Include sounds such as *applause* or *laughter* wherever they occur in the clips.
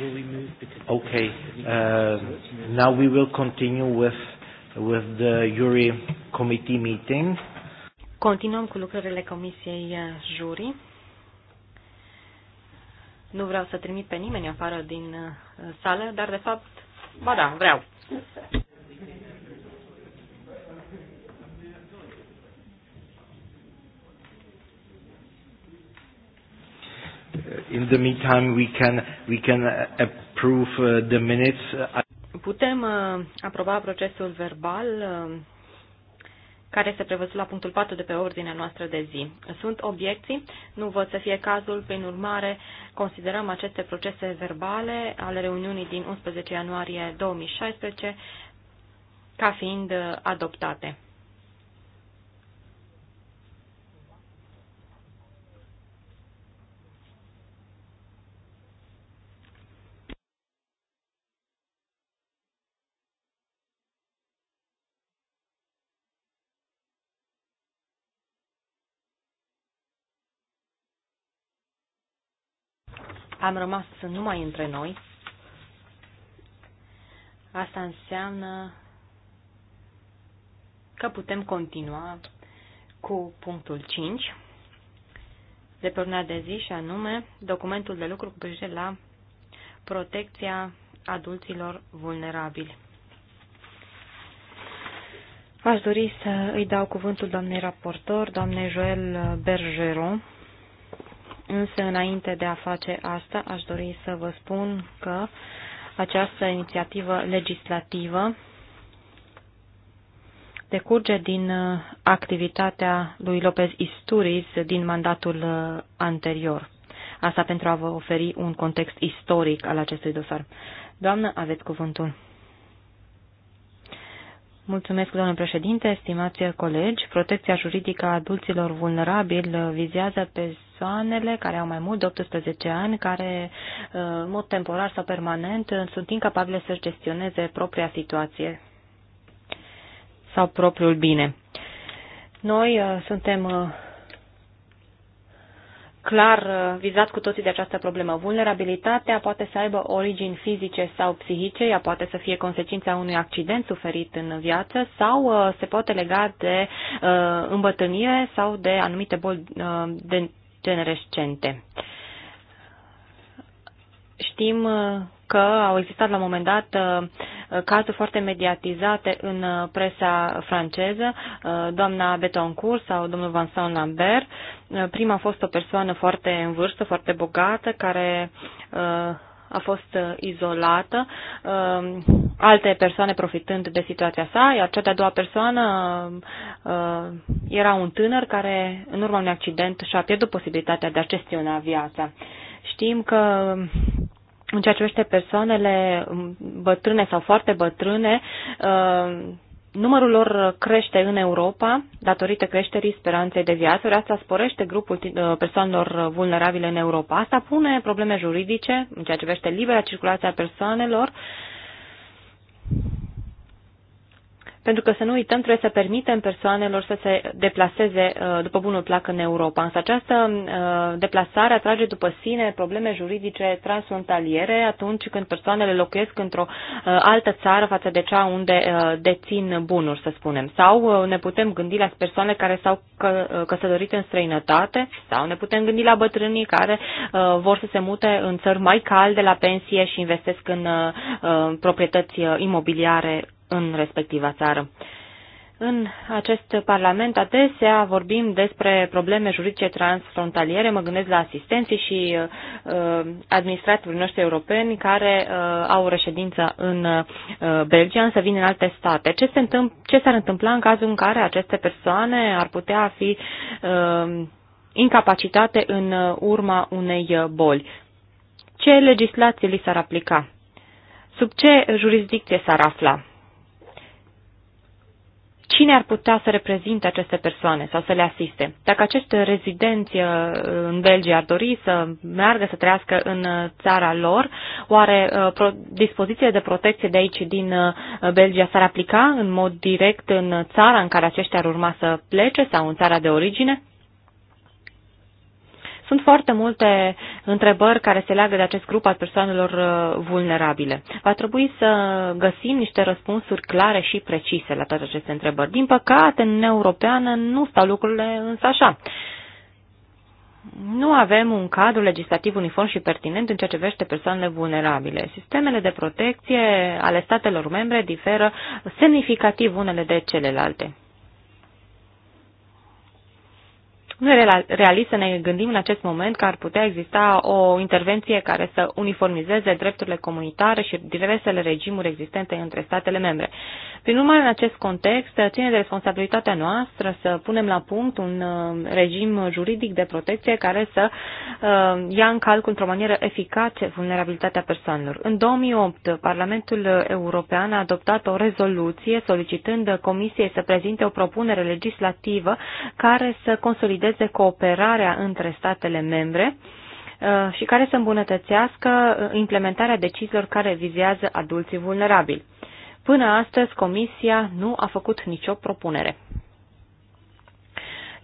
will we move? Because okay. Uh, now we will continue with with the jury committee meeting. Continuăm cu lucrările comisiei uh, jury. Nu vreau să trimit pe nimeni afară din uh, sală, dar de fapt, ba da, vreau. in the meantime, we can, we can uh, approve uh, the minutes. Putem uh, aproba procesul verbal care este prevăzut la punctul 4 de pe ordinea noastră de zi. Sunt obiecții, nu văd să fie cazul, prin urmare considerăm aceste procese verbale ale reuniunii din 11 ianuarie 2016 ca fiind adoptate. am rămas numai între noi, asta înseamnă că putem continua cu punctul 5 de pe urmea de zi și anume documentul de lucru cu privire la protecția adulților vulnerabili. Aș dori să îi dau cuvântul doamnei raportor, doamnei Joel Bergeron, Însă, înainte de a face asta, aș dori să vă spun că această inițiativă legislativă decurge din uh, activitatea lui Lopez Isturiz din mandatul uh, anterior. Asta pentru a vă oferi un context istoric al acestui dosar. Doamnă, aveți cuvântul. Mulțumesc, domnule președinte, stimați colegi. Protecția juridică a adulților vulnerabili vizează persoanele care au mai mult de 18 ani, care uh, în mod temporar sau permanent uh, sunt incapabile să-și gestioneze propria situație sau propriul bine. Noi uh, suntem clar uh, vizat cu toții de această problemă. Vulnerabilitatea poate să aibă origini fizice sau psihice, ea poate să fie consecința unui accident suferit în viață sau uh, se poate lega de uh, îmbătrânire sau de anumite boli degenerescente. Știm că au existat la un moment dat uh, cazuri foarte mediatizate în uh, presa franceză, uh, doamna Betoncourt sau domnul Vincent Lambert. Prima a fost o persoană foarte în vârstă, foarte bogată, care a fost izolată, alte persoane profitând de situația sa, iar cea de-a doua persoană era un tânăr care, în urma unui accident, și-a pierdut posibilitatea de a gestiona viața. Știm că în ceea ce privește persoanele um, bătrâne sau foarte bătrâne, uh, numărul lor crește în Europa datorită creșterii speranței de viață, ori asta sporește grupul uh, persoanelor vulnerabile în Europa. Asta pune probleme juridice în ceea ce privește libera circulație a persoanelor pentru că să nu uităm, trebuie să permitem persoanelor să se deplaseze uh, după bunul plac în Europa. Însă această uh, deplasare atrage după sine probleme juridice transfrontaliere atunci când persoanele locuiesc într-o uh, altă țară față de cea unde dețin bunuri, să spunem. Sau ne putem gândi la persoane care s-au căsătorit în străinătate sau ne putem gândi la bătrânii care vor să se mute în țări mai calde la pensie și investesc în proprietăți imobiliare în respectiva țară. În acest Parlament adesea vorbim despre probleme juridice transfrontaliere, mă gândesc la asistenții și uh, administratorii noștri europeni care uh, au reședință în uh, Belgia, însă vin în alte state. Ce, se întâmpl- ce s-ar întâmpla în cazul în care aceste persoane ar putea fi uh, incapacitate în urma unei boli? Ce legislație li s-ar aplica? Sub ce jurisdicție s-ar afla? cine ar putea să reprezinte aceste persoane sau să le asiste. Dacă acești rezidenți uh, în Belgia ar dori să meargă să trăiască în uh, țara lor, oare uh, dispozițiile de protecție de aici din Belgia s-ar aplica în mod direct în țara în care aceștia ar urma să plece sau în țara de origine? Sunt foarte multe întrebări care se leagă de acest grup al persoanelor uh, vulnerabile. Va trebui să găsim niște răspunsuri clare și precise la toate aceste întrebări. Din păcate, în Europeană nu stau lucrurile însă așa. Nu avem un cadru legislativ uniform și pertinent în ceea ce vește persoanele vulnerabile. Sistemele de protecție ale statelor membre diferă semnificativ unele de celelalte. Nu e realist să ne gândim în acest moment că ar putea exista o intervenție care să uniformizeze drepturile comunitare și diversele regimuri existente între statele membre. Prin urmare, în acest context, ține de responsabilitatea noastră să punem la punct un uh, regim juridic de protecție care să uh, ia în calcul într-o manieră eficace vulnerabilitatea persoanelor. În 2008, Parlamentul European a adoptat o rezoluție solicitând Comisiei să prezinte o propunere legislativă care să consolideze promoveze cooperarea între statele membre uh, și care să îmbunătățească uh, implementarea deciziilor care vizează adulții vulnerabili. Până astăzi, Comisia nu a făcut nicio propunere.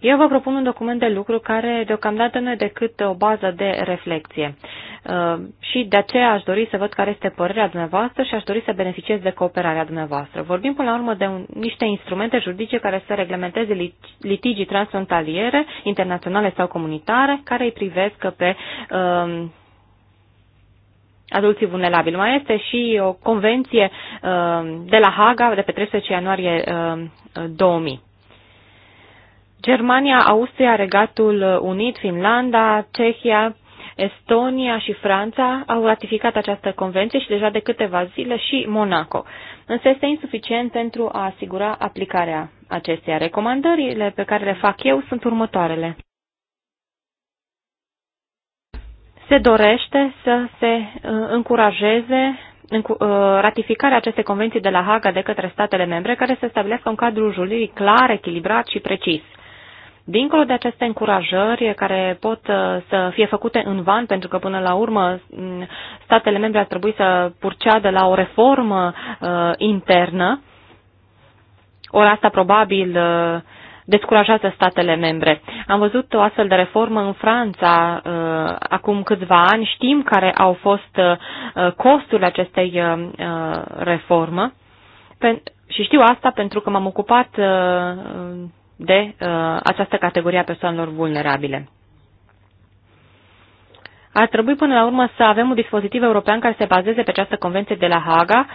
Eu vă propun un document de lucru care deocamdată nu e decât o bază de reflexie. Uh, și de aceea aș dori să văd care este părerea dumneavoastră și aș dori să beneficiez de cooperarea dumneavoastră. Vorbim până la urmă de un, niște instrumente juridice care să reglementeze litigii transfrontaliere, internaționale sau comunitare, care îi privesc pe uh, adulții vulnerabili. Mai este și o convenție uh, de la Haga de pe 13 ianuarie uh, 2000. Germania, Austria, Regatul Unit, Finlanda, Cehia, Estonia și Franța au ratificat această convenție și deja de câteva zile și Monaco. Însă este insuficient pentru a asigura aplicarea acesteia. Recomandările pe care le fac eu sunt următoarele. Se dorește să se uh, încurajeze uh, ratificarea acestei convenții de la Haga de către statele membre care să stabilească un cadru juridic clar, echilibrat și precis – Dincolo de aceste încurajări care pot uh, să fie făcute în van, pentru că până la urmă statele membre ar trebui să purceadă la o reformă uh, internă, ori asta probabil uh, descurajează statele membre. Am văzut o astfel de reformă în Franța uh, acum câțiva ani, știm care au fost uh, costurile acestei uh, reformă. Pen- și știu asta pentru că m-am ocupat uh, de uh, această categorie a persoanelor vulnerabile. Ar trebui până la urmă să avem un dispozitiv european care se bazeze pe această convenție de la Haga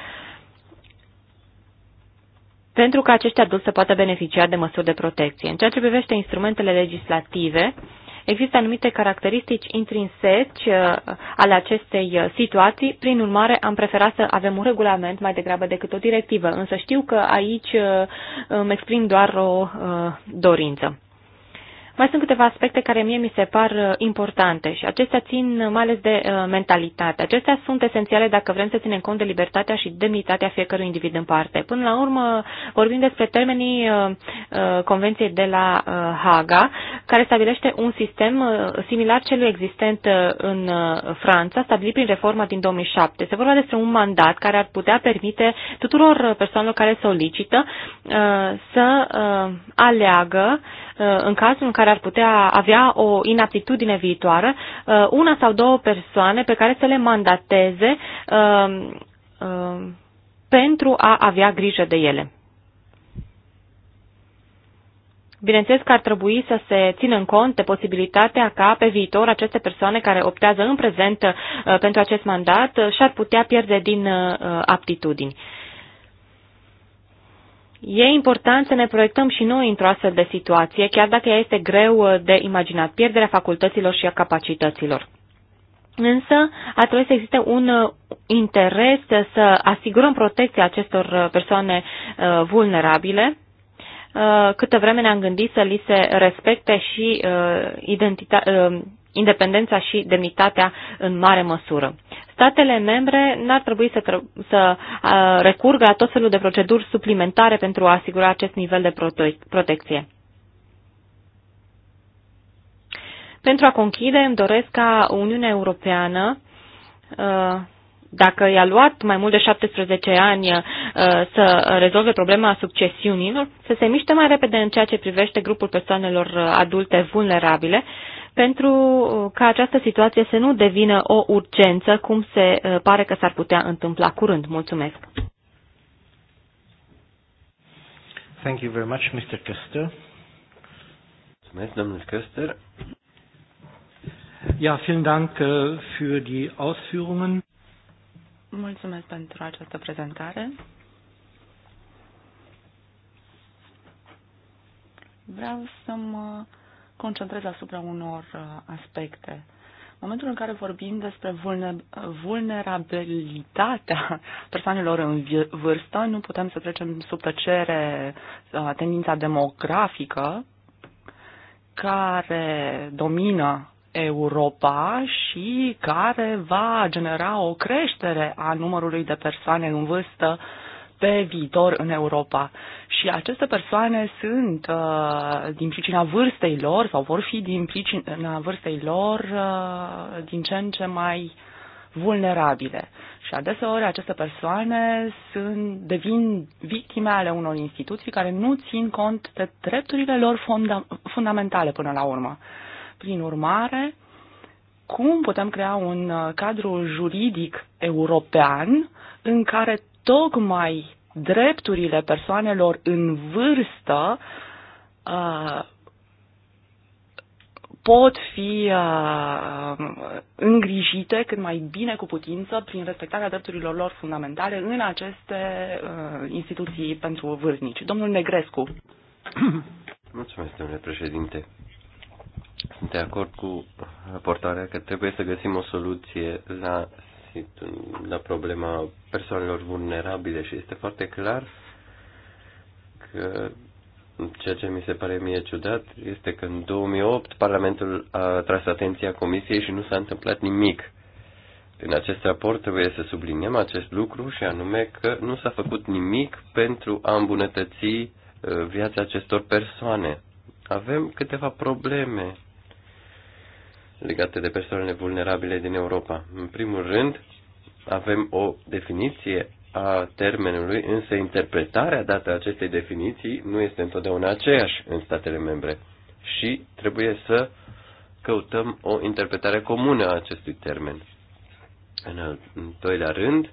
pentru ca acești adulți să poată beneficia de măsuri de protecție. În ceea ce privește instrumentele legislative, uh, Există anumite caracteristici intrinseci uh, ale acestei uh, situații, prin urmare am preferat să avem un regulament mai degrabă decât o directivă, însă știu că aici uh, îmi exprim doar o dorință. Mai sunt câteva aspecte care mie mi se par uh, importante și acestea țin uh, mai ales de uh, mentalitate. Acestea sunt esențiale dacă vrem să ținem cont de libertatea și demnitatea fiecărui individ în parte. Până la urmă vorbim despre termenii Convenției de la Haga, care stabilește un sistem similar celui existent în Franța, stabilit prin reforma din 2007. Se vorba despre un mandat care ar putea permite tuturor persoanelor care solicită să aleagă Uh, în cazul în care ar putea avea o inaptitudine viitoare, uh, una sau două persoane pe care să le mandateze uh, pentru a avea grijă de ele. Bineînțeles că ar trebui să se țină în cont de posibilitatea ca pe viitor aceste persoane care optează în prezent pentru acest mandat și-ar putea pierde din aptitudini. E important să ne proiectăm și noi într-o astfel de situație, chiar dacă ea este greu uh, de imaginat, pierderea facultăților și a capacităților. Însă ar trebui să existe un uh, interes să asigurăm protecția acestor uh, persoane vulnerabile, câtă vreme ne-am gândit să li se respecte și identita- independența și demnitatea în mare măsură. Statele membre n-ar trebui să, să uh, recurgă la tot felul de proceduri suplimentare pentru a asigura acest nivel de prote protecție. Pentru a conchide, îmi doresc ca Uniunea Europeană dacă i-a luat mai mult de 17 ani să rezolve problema succesiunilor, să se miște mai repede în ceea ce privește grupul persoanelor adulte vulnerabile, pentru uh, ca această situație să nu devină o urgență, cum se uh, pare că s-ar putea întâmpla curând. Mulțumesc! Thank you very much, Mr. Kester. Mulțumesc, domnul Kester. Ja, vielen Dank uh, für die Ausführungen. Mulțumesc pentru această prezentare. Vreau să mă concentrez asupra unor uh, aspecte. În momentul în care vorbim despre vulnerabilitatea *laughs* persoanelor în vârstă, nu putem să trecem sub tăcere uh, tendința demografică care domină Europa și care va genera o creștere a numărului de persoane în vârstă pe viitor în Europa. Și aceste persoane sunt, uh, din pricina vârstei lor, sau vor fi din pricina vârstei lor, uh, din ce în ce mai vulnerabile. Și adeseori aceste persoane sunt, devin victime ale unor instituții care nu țin cont de drepturile lor funda, fundamentale până la urmă. Prin urmare, cum putem crea un uh, cadru juridic european în care tocmai drepturile persoanelor în vârstă uh, pot fi uh, îngrijite cât mai bine cu putință prin respectarea drepturilor lor fundamentale în aceste uh, instituții pentru vârstnici. Domnul Negrescu. *clears throat* Mulțumesc, domnule președinte. Sunt de acord cu raportarea că trebuie să găsim o soluție la la problema persoanelor vulnerabile și este foarte clar că ceea ce mi se pare mie ciudat este că în 2008 Parlamentul a tras atenția Comisiei și nu s-a întâmplat nimic. În acest raport trebuie să subliniem acest lucru și anume că nu s-a făcut nimic pentru a îmbunătăți uh, viața acestor persoane. Avem câteva probleme legate de persoanele vulnerabile din Europa. În primul rând, avem o definiție a termenului, însă interpretarea dată acestei definiții nu este întotdeauna aceeași în statele membre și trebuie să căutăm o interpretare comună a acestui termen. În al doilea rând,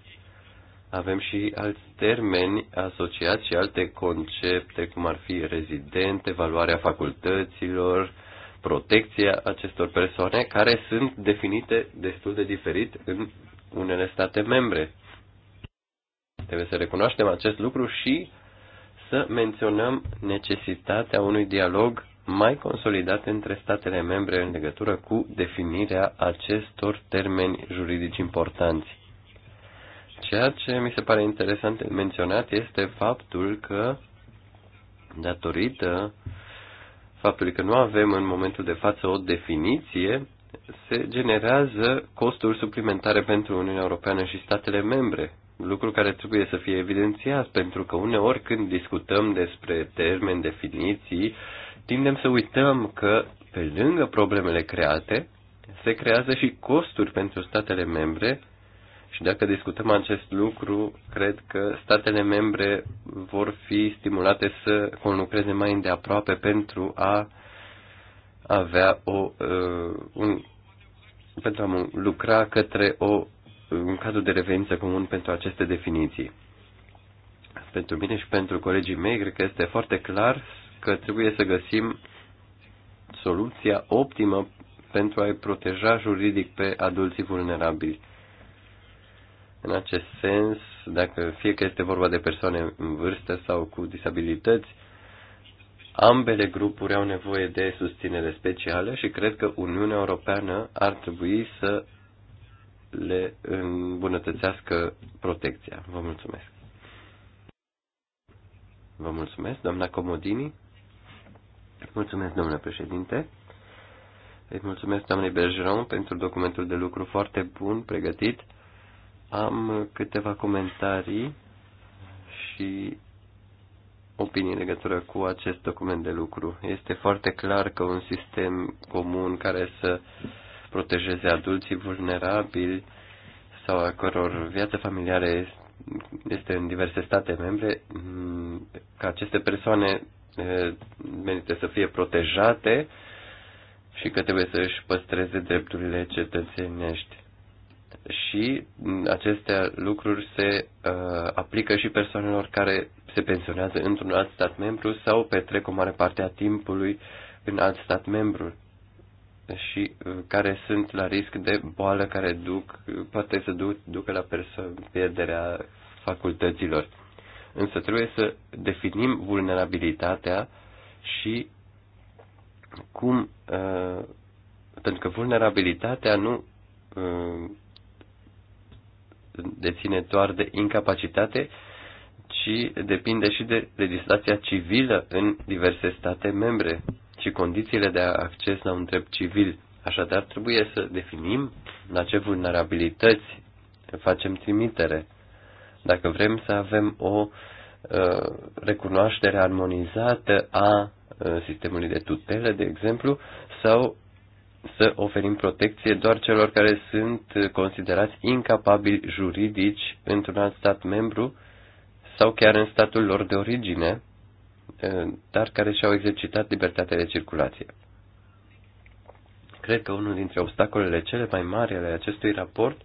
avem și alți termeni asociați și alte concepte, cum ar fi rezident, evaluarea facultăților, protecția acestor persoane care sunt definite destul de diferit în unele state membre. Trebuie să recunoaștem acest lucru și să menționăm necesitatea unui dialog mai consolidat între statele membre în legătură cu definirea acestor termeni juridici importanți. Ceea ce mi se pare interesant menționat este faptul că, datorită uh, faptului că nu avem în momentul de față o definiție, se generează costuri suplimentare pentru Uniunea Europeană și statele membre, lucru care trebuie să fie evidențiat, pentru că uneori când discutăm despre termeni, definiții, tindem să uităm că pe lângă problemele create, se creează și costuri pentru statele membre și dacă discutăm acest lucru, cred că statele membre vor fi stimulate să conlucreze mai îndeaproape pentru a avea o, uh, un, pentru a lucra către o, un cadru de referință comun pentru aceste definiții. Pentru mine și pentru colegii mei, cred că este foarte clar că trebuie să găsim soluția optimă pentru a-i proteja juridic pe adulții vulnerabili în acest sens, dacă fie că este vorba de persoane în vârstă sau cu disabilități, ambele grupuri au nevoie de susținere specială și cred că Uniunea Europeană ar trebui să le îmbunătățească protecția. Vă mulțumesc. Vă mulțumesc, doamna Comodini. Mulțumesc, domnule președinte. Îi mulțumesc, doamnei Bergeron, pentru documentul de lucru foarte bun pregătit am câteva comentarii și opinii în legătură cu acest document de lucru. Este foarte clar că un sistem comun care să protejeze adulții vulnerabili sau a căror viață familiară este în diverse state membre, că aceste persoane merită să fie protejate și că trebuie să își păstreze drepturile cetățenești și mm, aceste lucruri se uh, aplică și persoanelor care se pensionează într-un alt stat membru sau petrec o mare parte a timpului în alt stat membru și uh, care sunt la risc de boală care duc, uh, poate să duc, ducă la pierderea facultăților. Însă trebuie să definim vulnerabilitatea și cum, uh, pentru că vulnerabilitatea nu uh, deține doar de incapacitate, ci depinde și de legislația civilă în diverse state membre și condițiile de acces la un drept civil. Așadar, trebuie să definim la ce vulnerabilități facem trimitere. Dacă vrem să avem o uh, recunoaștere armonizată a uh, sistemului de tutelă, de exemplu, sau să oferim protecție doar celor care sunt considerați incapabili juridici într-un alt stat membru sau chiar în statul lor de origine, eh, dar care și-au exercitat libertatea de circulație. Cred că unul dintre obstacolele cele mai mari ale acestui raport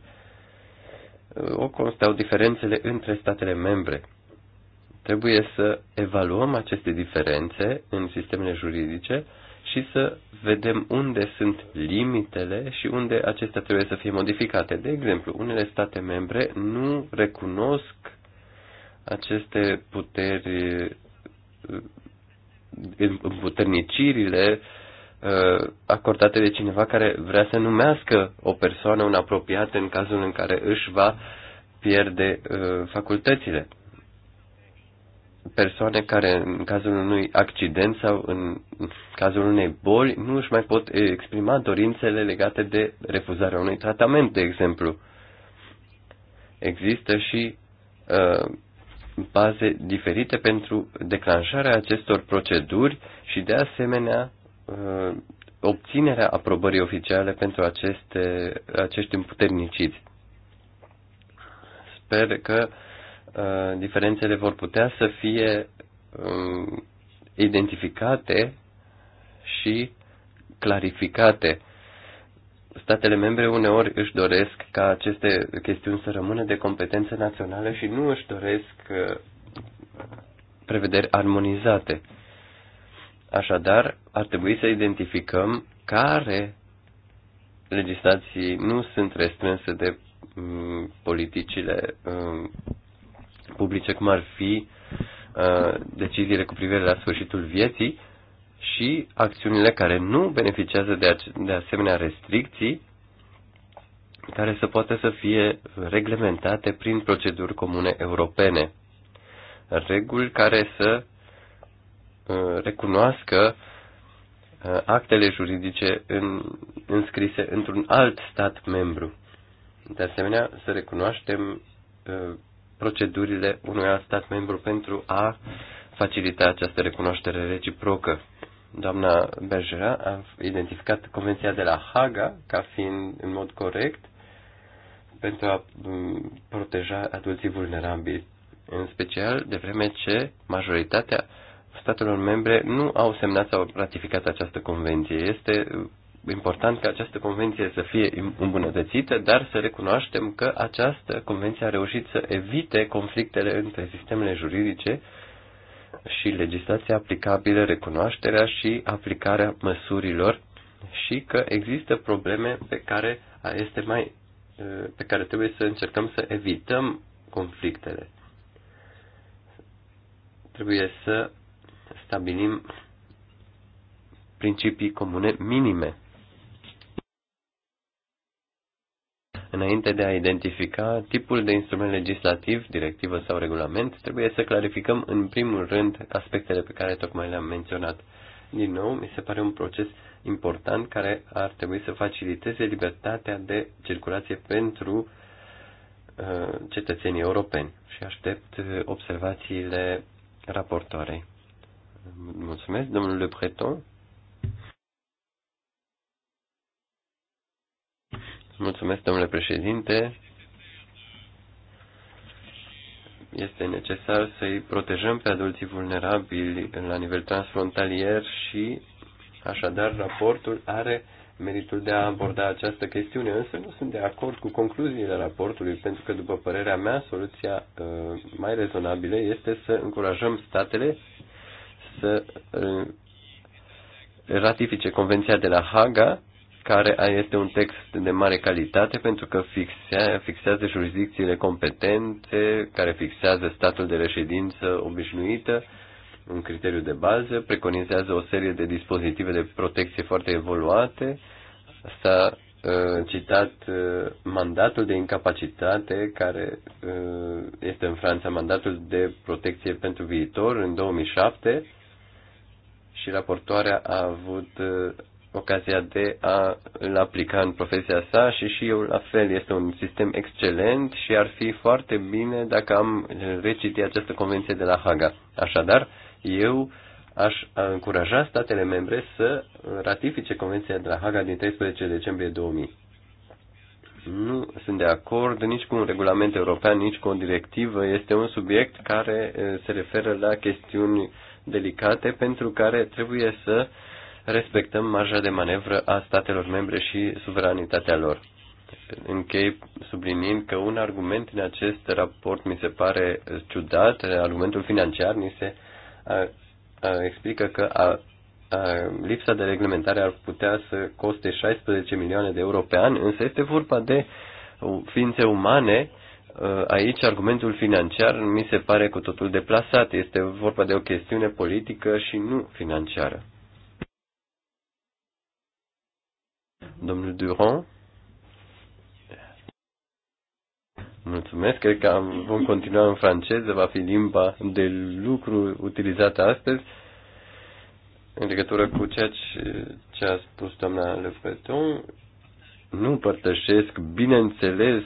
eh, o constau diferențele între statele membre. Trebuie să evaluăm aceste diferențe în sistemele juridice și să vedem unde sunt limitele și unde acestea trebuie să fie modificate. De exemplu, unele state membre nu recunosc aceste puteri, împuternicirile uh, acordate de cineva care vrea să numească o persoană un apropiat în cazul în care își va pierde uh, facultățile persoane care în cazul unui accident sau în cazul unei boli nu își mai pot exprima dorințele legate de refuzarea unui tratament, de exemplu. Există și uh, baze diferite pentru declanșarea acestor proceduri și de asemenea uh, obținerea aprobării oficiale pentru aceste, acești împuterniciți. Sper că uh, Uh, diferențele vor putea să fie um, identificate și clarificate. Statele membre uneori își doresc ca aceste chestiuni să rămână de competențe naționale și nu își doresc uh, prevederi armonizate. Așadar, ar trebui să identificăm care legislații nu sunt restrânse de mm, politicile mm, publice, cum ar fi uh, deciziile cu privire la sfârșitul vieții și acțiunile care nu beneficiază de, de asemenea restricții care să poată să fie reglementate prin proceduri comune europene. Reguli care să uh, recunoască uh, actele juridice în, înscrise într-un alt stat membru. De asemenea, să recunoaștem procedurile unui alt stat membru pentru a facilita această recunoaștere reciprocă. Doamna Bergera a identificat Convenția de la Haga ca fiind în mod corect pentru a mm, proteja adulții vulnerabili, în special de vreme ce majoritatea statelor membre nu au semnat sau ratificat această convenție. Este important ca această convenție să fie îmbunătățită, dar să recunoaștem că această convenție a reușit să evite conflictele între sistemele juridice și legislația aplicabilă, recunoașterea și aplicarea măsurilor și că există probleme pe care este mai pe care trebuie să încercăm să evităm conflictele. Trebuie să stabilim principii comune minime. Înainte de a identifica tipul de instrument legislativ, directivă sau regulament, trebuie să clarificăm în primul rând aspectele pe care tocmai le-am menționat. Din nou, mi se pare un proces important care ar trebui să faciliteze libertatea de circulație pentru uh, cetățenii europeni și aștept uh, observațiile raportoarei. Mulțumesc, domnule Breton. Mulțumesc, domnule președinte. Este necesar să-i protejăm pe adulții vulnerabili la nivel transfrontalier și, așadar, raportul are meritul de a aborda această chestiune, însă nu sunt de acord cu concluziile raportului, pentru că, după părerea mea, soluția uh, mai rezonabilă este să încurajăm statele să uh, ratifice Convenția de la Haga care este un text de mare calitate pentru că fixează jurisdicțiile competente, care fixează statul de reședință obișnuită, un criteriu de bază, preconizează o serie de dispozitive de protecție foarte evoluate. S-a uh, citat uh, mandatul de incapacitate, care uh, este în Franța mandatul de protecție pentru viitor în 2007 și raportoarea a avut ocazia de a îl aplica în profesia sa și și eu la fel. Este un sistem excelent și ar fi foarte bine dacă am recitit această convenție de la Haga. Așadar, eu aș încuraja statele membre să ratifice convenția de la Haga din 13 decembrie 2000. Nu sunt de acord nici cu un regulament european, nici cu o directivă. Este un subiect care eh, se referă la chestiuni delicate pentru care trebuie să uh, respectăm marja de manevră a statelor membre și suveranitatea lor. Închei sublinind că un argument în acest raport mi se pare ciudat, argumentul financiar ni se a, a, explică că a, a, lipsa de reglementare ar putea să coste 16 milioane de euro pe an, însă este vorba de ființe umane Aici argumentul financiar mi se pare cu totul deplasat. Este vorba de o chestiune politică și nu financiară. Domnul Durand. Mulțumesc, cred că vom continua în franceză, va fi limba de lucru utilizată astăzi. În legătură cu ceea ce, ce a spus doamna Le nu împărtășesc, bineînțeles,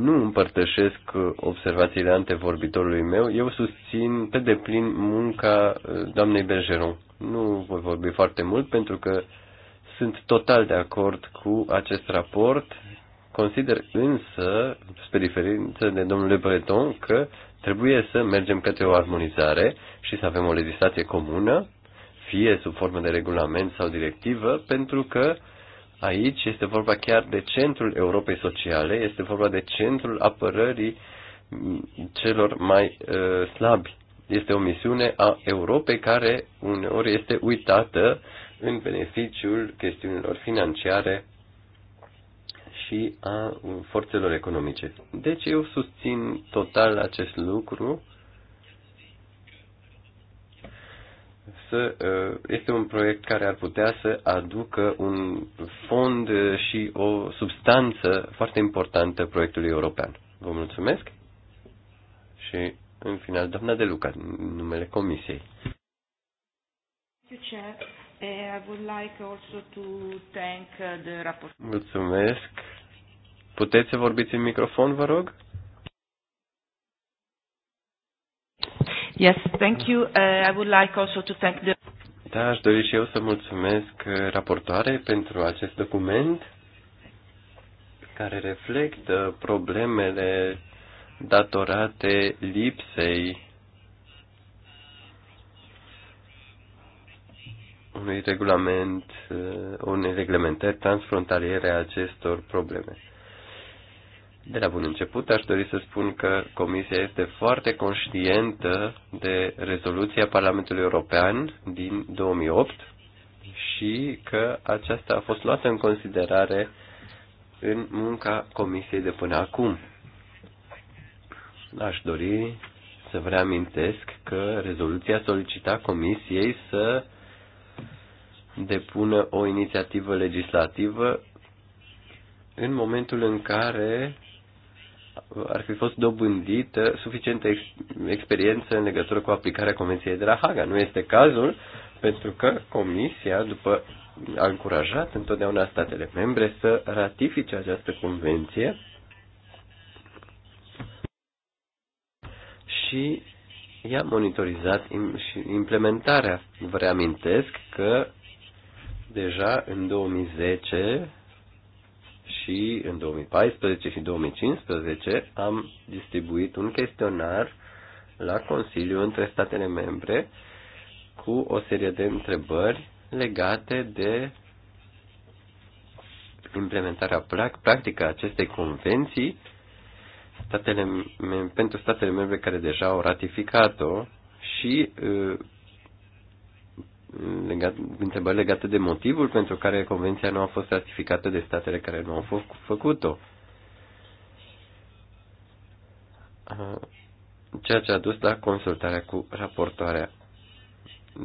nu împărtășesc uh, observațiile antevorbitorului meu. Eu susțin pe deplin munca uh, doamnei Bergeron. Nu voi vorbi foarte mult pentru că sunt total de acord cu acest raport. Consider însă, spre diferență de Le Breton, că trebuie să mergem către o armonizare și să avem o legislație comună, fie sub formă de regulament sau directivă, pentru că uh, aici este vorba chiar de centrul Europei Sociale, este vorba de centrul apărării celor mai uh, slabi. Este o misiune a Europei care uneori este uitată în beneficiul chestiunilor financiare și a forțelor economice. Deci eu susțin total acest lucru să, uh, este un proiect care ar putea să aducă un fond și o substanță foarte importantă proiectului european. Vă mulțumesc și, în final, doamna De Luca, numele Comisiei. Eh, uh, mulțumesc. Puteți să vorbiți în microfon, vă rog? Yes, thank you. Uh, I would like also to thank the... Da, aș dori și eu să mulțumesc uh, raportoare pentru acest document care reflectă problemele datorate lipsei unui regulament, uh, unei reglementări transfrontaliere a acestor probleme. De la bun început aș dori să spun că Comisia este foarte conștientă de rezoluția Parlamentului European din 2008 și că aceasta a fost luată în considerare în munca Comisiei de până acum. Aș dori să vă reamintesc că rezoluția solicita Comisiei să depună o inițiativă legislativă în momentul în care ar fi fost dobândită suficientă experiență în legătură cu aplicarea Convenției de la Haga. Nu este cazul, pentru că Comisia, după a încurajat întotdeauna statele membre să ratifice această convenție și i-a monitorizat și implementarea. Vă reamintesc că deja în 2010 și în 2014 și 2015 am distribuit un chestionar la Consiliu între statele membre cu o serie de întrebări legate de implementarea practică a acestei convenții statele, pentru statele membre care deja au ratificat-o și uh, legat, întrebări legate de motivul pentru care convenția nu a fost ratificată de statele care nu au făcut-o. Ah, ceea ce a dus la consultarea cu raportoarea.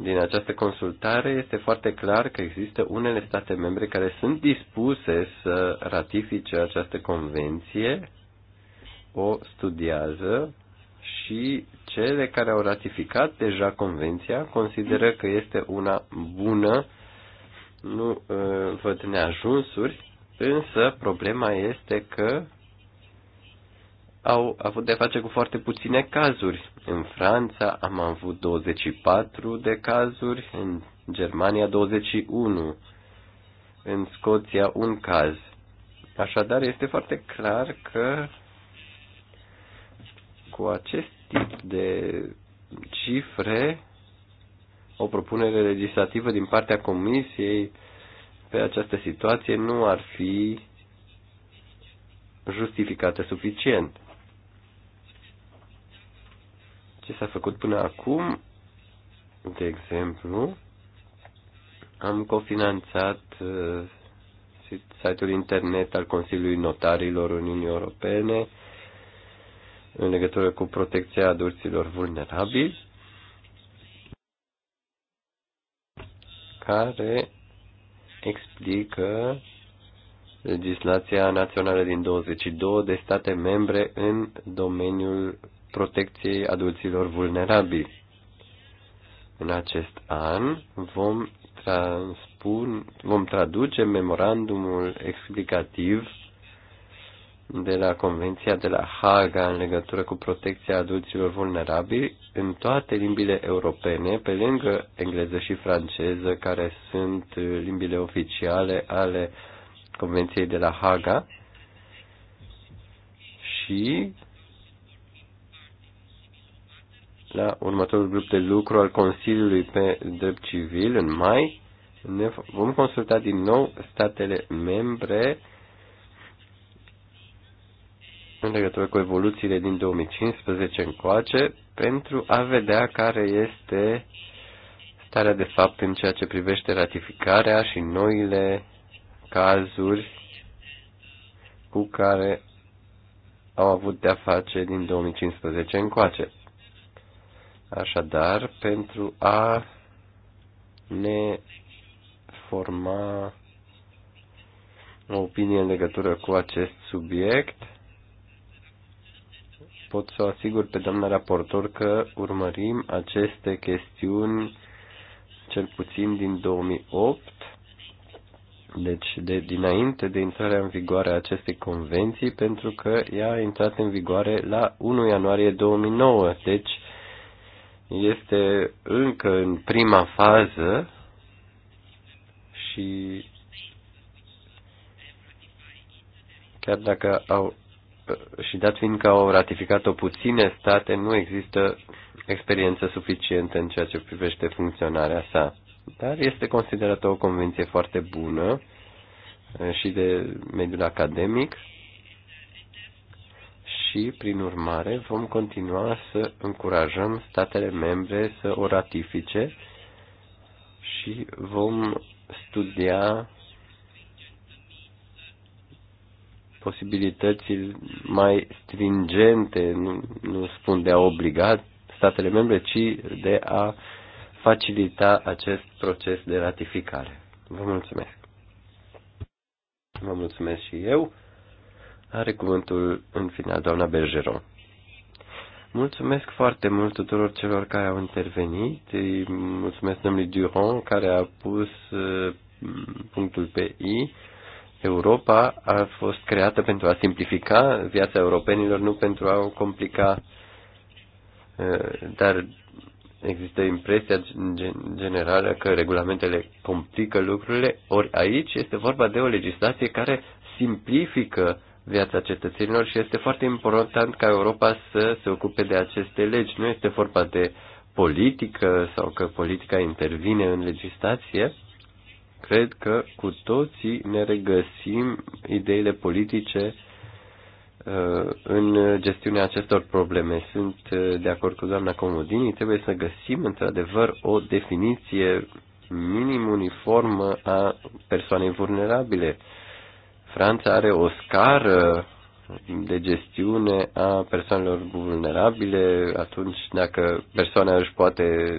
Din această consultare este foarte clar că există unele state membre care sunt dispuse să ratifice această convenție, o studiază și cele care au ratificat deja convenția consideră că este una bună, nu uh, văd neajunsuri, însă problema este că au avut de face cu foarte puține cazuri. În Franța am avut 24 de cazuri, în Germania 21, în Scoția un caz. Așadar, este foarte clar că cu acest tip de cifre o propunere legislativă din partea Comisiei pe această situație nu ar fi justificată suficient. Ce s-a făcut până acum, de exemplu, am cofinanțat uh, site-ul internet al Consiliului Notarilor Uniunii Europene, în legătură cu protecția adulților vulnerabili, care explică legislația națională din 22 de state membre în domeniul protecției adulților vulnerabili. În acest an vom, transpun, vom traduce memorandumul explicativ de la Convenția de la Haga în legătură cu protecția adulților vulnerabili în toate limbile europene, pe lângă engleză și franceză, care sunt limbile oficiale ale Convenției de la Haga, și la următorul grup de lucru al Consiliului pe drept civil în mai, ne vom consulta din nou statele membre în legătură cu evoluțiile din 2015 încoace pentru a vedea care este starea de fapt în ceea ce privește ratificarea și noile cazuri cu care au avut de-a face din 2015 încoace. Așadar, pentru a ne forma o opinie în legătură cu acest subiect, pot să o asigur pe doamna raportor că urmărim aceste chestiuni cel puțin din 2008, deci de dinainte de intrarea în vigoare a acestei convenții, pentru că ea a intrat în vigoare la 1 ianuarie 2009, deci este încă în prima fază și chiar dacă au și dat fiind că au ratificat-o puține state, nu există experiență suficientă în ceea ce privește funcționarea sa. Dar este considerată o convenție foarte bună și de mediul academic și, prin urmare, vom continua să încurajăm statele membre să o ratifice și vom studia posibilități mai stringente, nu, nu spun de a obliga statele membre, ci de a facilita acest proces de ratificare. Vă mulțumesc. Vă mulțumesc și eu. Are cuvântul în final doamna Bergeron. Mulțumesc foarte mult tuturor celor care au intervenit. mulțumesc domnului Durand care a pus uh, punctul pe I Europa a fost creată pentru a simplifica viața europenilor, nu pentru a o complica. Dar există impresia generală că regulamentele complică lucrurile, ori aici este vorba de o legislație care simplifică viața cetățenilor și este foarte important ca Europa să se ocupe de aceste legi. Nu este vorba de politică sau că politica intervine în legislație, cred că cu toții ne regăsim ideile politice uh, în gestiunea acestor probleme. Sunt uh, de acord cu doamna Comodini, trebuie să găsim într-adevăr o definiție minim uniformă a persoanei vulnerabile. Franța are o scară de gestiune a persoanelor vulnerabile, atunci dacă persoana își poate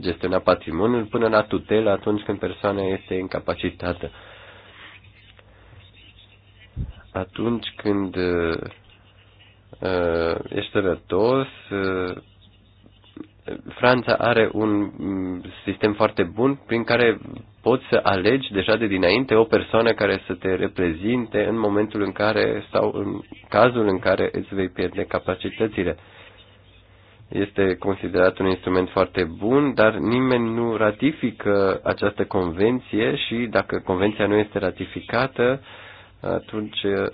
gestiona patrimoniul până la tutelă atunci când persoana este incapacitată. Atunci când uh, ești rătos, uh, Franța are un mm, sistem foarte bun prin care poți să alegi deja de dinainte o persoană care să te reprezinte în momentul în care sau în cazul în care îți vei pierde capacitățile. Este considerat un instrument foarte bun, dar nimeni nu ratifică această convenție și dacă convenția nu este ratificată, atunci uh,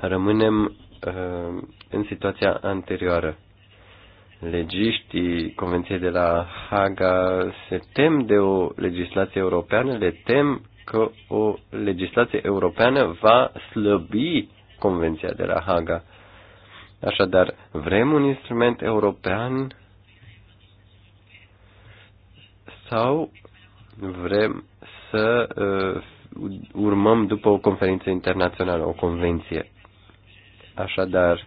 rămânem uh, în situația anterioară legiștii Convenției de la Haga se tem de o legislație europeană, le tem că o legislație europeană va slăbi Convenția de la Haga. Așadar, vrem un instrument european sau vrem să uh, urmăm după o conferință internațională, o convenție. Așadar,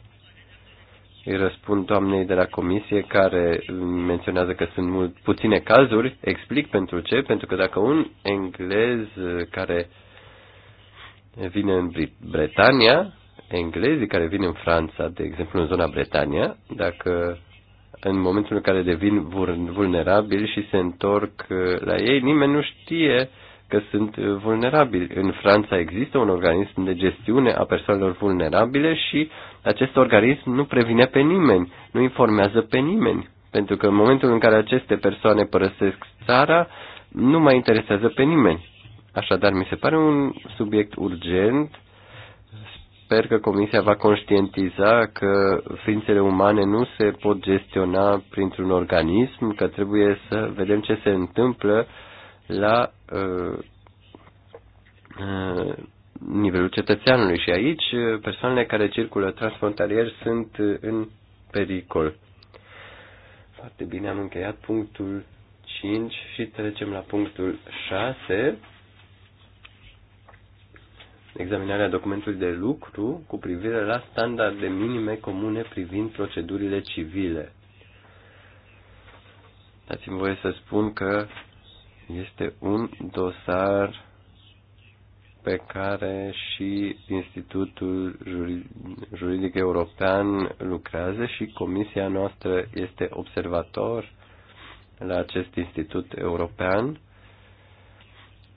îi răspund doamnei de la comisie care menționează că sunt mult, puține cazuri. Explic pentru ce, pentru că dacă un englez care vine în Bretania, englezii care vin în Franța, de exemplu în zona Bretania, dacă în momentul în care devin vulnerabili și se întorc uh, la ei, nimeni nu știe că sunt vulnerabili. În Franța există un organism de gestiune a persoanelor vulnerabile și acest organism nu previne pe nimeni, nu informează pe nimeni, pentru că în momentul în care aceste persoane părăsesc țara, nu mai interesează pe nimeni. Așadar, mi se pare un subiect urgent. Sper că Comisia va conștientiza că ființele umane nu se pot gestiona printr-un organism, că trebuie să vedem ce se întâmplă la uh, uh, nivelul cetățeanului și aici persoanele care circulă transfrontalier sunt în pericol. Foarte bine, am încheiat punctul 5 și trecem la punctul 6. Examinarea documentului de lucru cu privire la standarde minime comune privind procedurile civile. Dați-mi voie să spun că este un dosar pe care și Institutul Juridic European lucrează și comisia noastră este observator la acest institut european.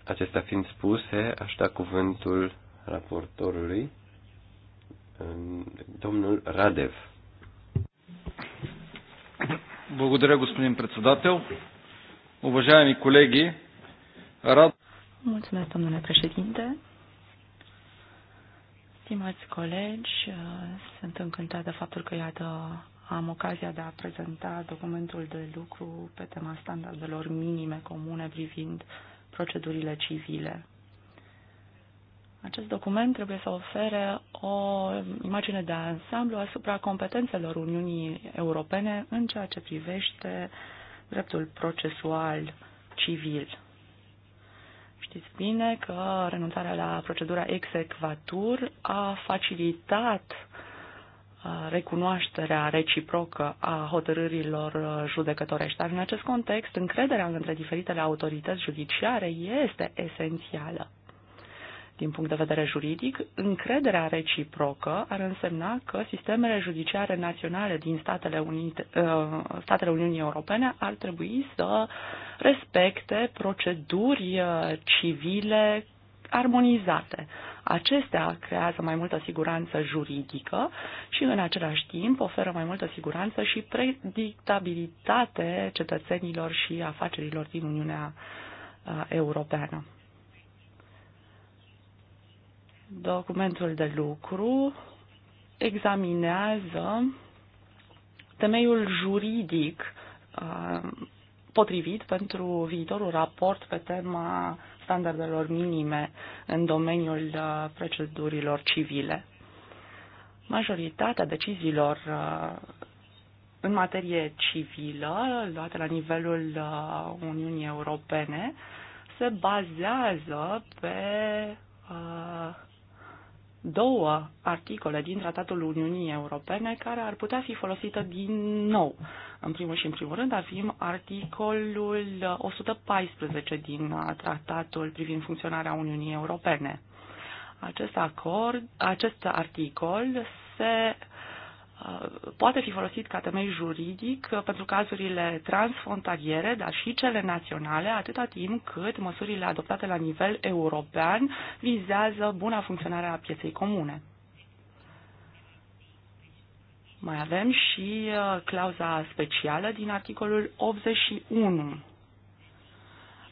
Acestea fiind spuse, aș da cuvântul raportorului, domnul Radev. Благодаря, господин председател. Уважаеми колеги, рад Mulțumesc, domnule președinte. Stimați colegi, sunt încântat de faptul că, iată, am ocazia de a prezenta documentul de lucru pe tema standardelor minime comune privind procedurile civile. Acest document trebuie să ofere o imagine de ansamblu asupra competențelor Uniunii Europene în ceea ce privește dreptul procesual civil. Știți bine că renunțarea la procedura execvatur a facilitat uh, recunoașterea reciprocă a hotărârilor judecătorești. Dar în acest context, încrederea între diferitele autorități judiciare este esențială. Din punct de vedere juridic, încrederea reciprocă ar însemna că sistemele judiciare naționale din Statele, Unite, uh, Statele Uniunii Europene ar trebui să respecte proceduri uh, civile armonizate. Acestea creează mai multă siguranță juridică și în același timp oferă mai multă siguranță și predictabilitate cetățenilor și afacerilor din Uniunea uh, Europeană documentul de lucru examinează temeiul juridic uh, potrivit pentru viitorul raport pe tema standardelor minime în domeniul uh, procedurilor civile. Majoritatea deciziilor uh, în materie civilă, luate la nivelul Uniunii Europene, se bazează pe două articole din Tratatul Uniunii Europene care ar putea fi folosită din nou. În primul și în primul rând avem articolul 114 din Tratatul privind funcționarea Uniunii Europene. Acest acord, acest articol se Uh, poate fi folosit ca temei juridic pentru cazurile transfrontaliere, dar și cele naționale, atâta timp cât măsurile adoptate la nivel european vizează buna funcționare a pieței comune. Mai avem și uh, clauza specială din articolul 81.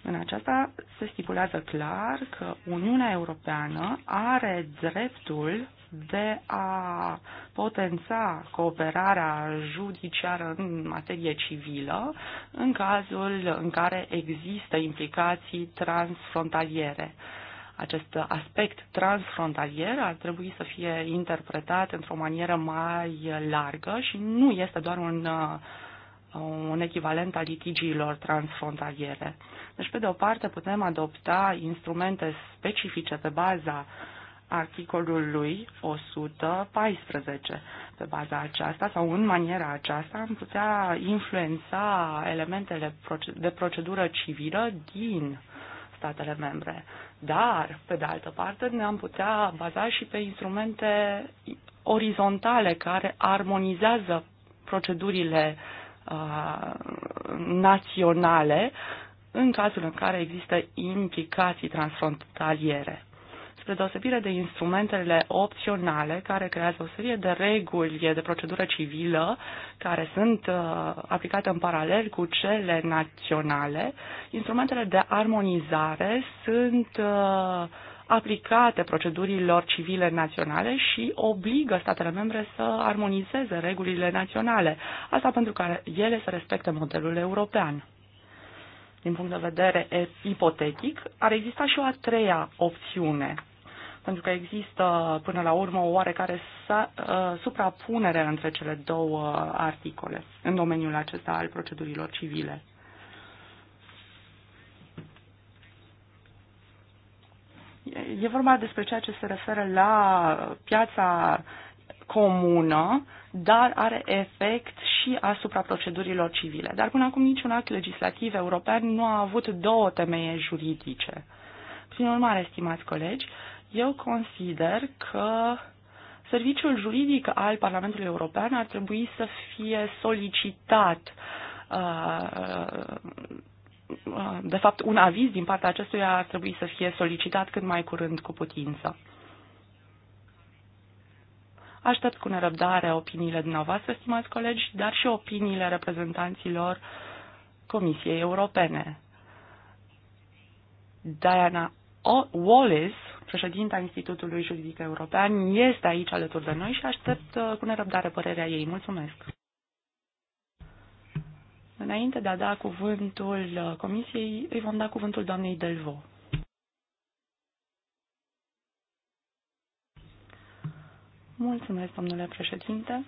În aceasta se stipulează clar că Uniunea Europeană are dreptul de a potența cooperarea judiciară în materie civilă în cazul în care există implicații transfrontaliere. Acest aspect transfrontalier ar trebui să fie interpretat într-o manieră mai largă și nu este doar un uh, un echivalent al litigiilor transfrontaliere. Deci, pe de o parte, putem adopta instrumente specifice pe baza articolului 114. Pe baza aceasta sau în maniera aceasta am putea influența elementele de procedură civilă din statele membre. Dar, pe de altă parte, ne-am putea baza și pe instrumente orizontale care armonizează procedurile uh, naționale în cazul în care există implicații transfrontaliere spre deosebire de instrumentele opționale care creează o serie de reguli de procedură civilă care sunt uh, aplicate în paralel cu cele naționale, instrumentele de armonizare sunt uh, aplicate procedurilor civile naționale și obligă statele membre să armonizeze regulile naționale. Asta pentru ca ele să respecte modelul european din punct de vedere ipotetic, ar exista și o a treia opțiune pentru că există până la urmă o oarecare uh, suprapunere între cele două articole în domeniul acesta al procedurilor civile. E vorba despre ceea ce se referă la piața comună, dar are efect și asupra procedurilor civile. Dar până acum niciun act legislativ european nu a avut două temeie juridice. Prin urmare, stimați colegi, eu consider că serviciul juridic al Parlamentului European ar trebui să fie solicitat uh, uh, de fapt, un aviz din partea acestuia ar trebui să fie solicitat cât mai curând cu putință. Aștept cu nerăbdare opiniile dumneavoastră, stimați colegi, dar și opiniile reprezentanților Comisiei Europene. Diana Wallis președinta Institutului Juridic European, este aici alături de noi și aștept uh, cu nerăbdare părerea ei. Mulțumesc! Înainte de a da cuvântul uh, Comisiei, îi vom da cuvântul doamnei Delvo. Mulțumesc, domnule președinte.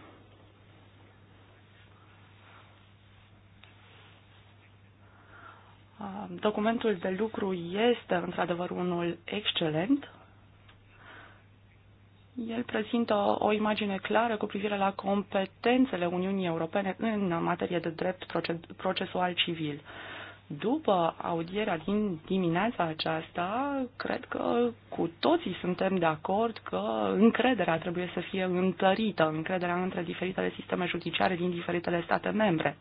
Uh, documentul de lucru este într-adevăr unul excelent. El prezintă o, o imagine clară cu privire la competențele Uniunii Europene în materie de drept procesual civil. După audierea din dimineața aceasta, cred că cu toții suntem de acord că încrederea trebuie să fie întărită, încrederea între diferitele sisteme judiciare din diferitele state membre.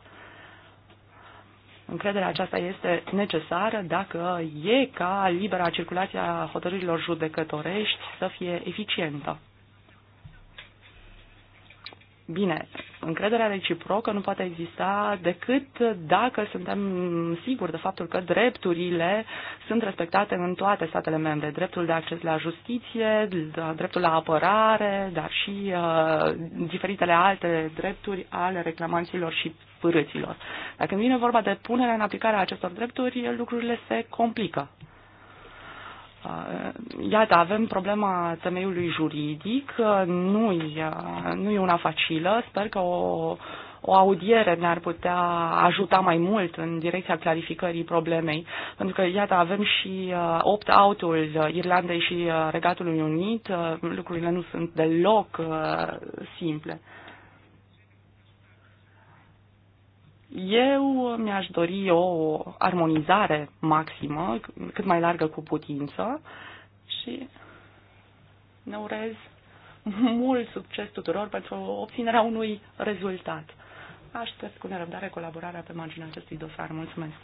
Încrederea aceasta este necesară dacă e ca libera circulație a hotărârilor judecătorești să fie eficientă. Bine, încrederea reciprocă nu poate exista decât dacă suntem siguri de faptul că drepturile sunt respectate în toate statele membre. Dreptul de acces la justiție, dreptul la apărare, dar și uh, diferitele alte drepturi ale reclamanților și hotărâților. Dacă când vine vorba de punerea în aplicare a acestor drepturi, lucrurile se complică. Uh, iată, avem problema temeiului juridic, nu e, nu e una facilă, sper că o, o audiere ne-ar putea ajuta mai mult în direcția clarificării problemei, pentru că, iată, avem și uh, opt-out-ul Irlandei și uh, Regatului Unit, lucrurile nu sunt deloc simple. Eu mi-aș dori o armonizare maximă, cât mai largă cu putință și ne urez mult succes tuturor pentru obținerea unui rezultat. Aștept cu nerăbdare colaborarea pe marginea acestui dosar. Mulțumesc!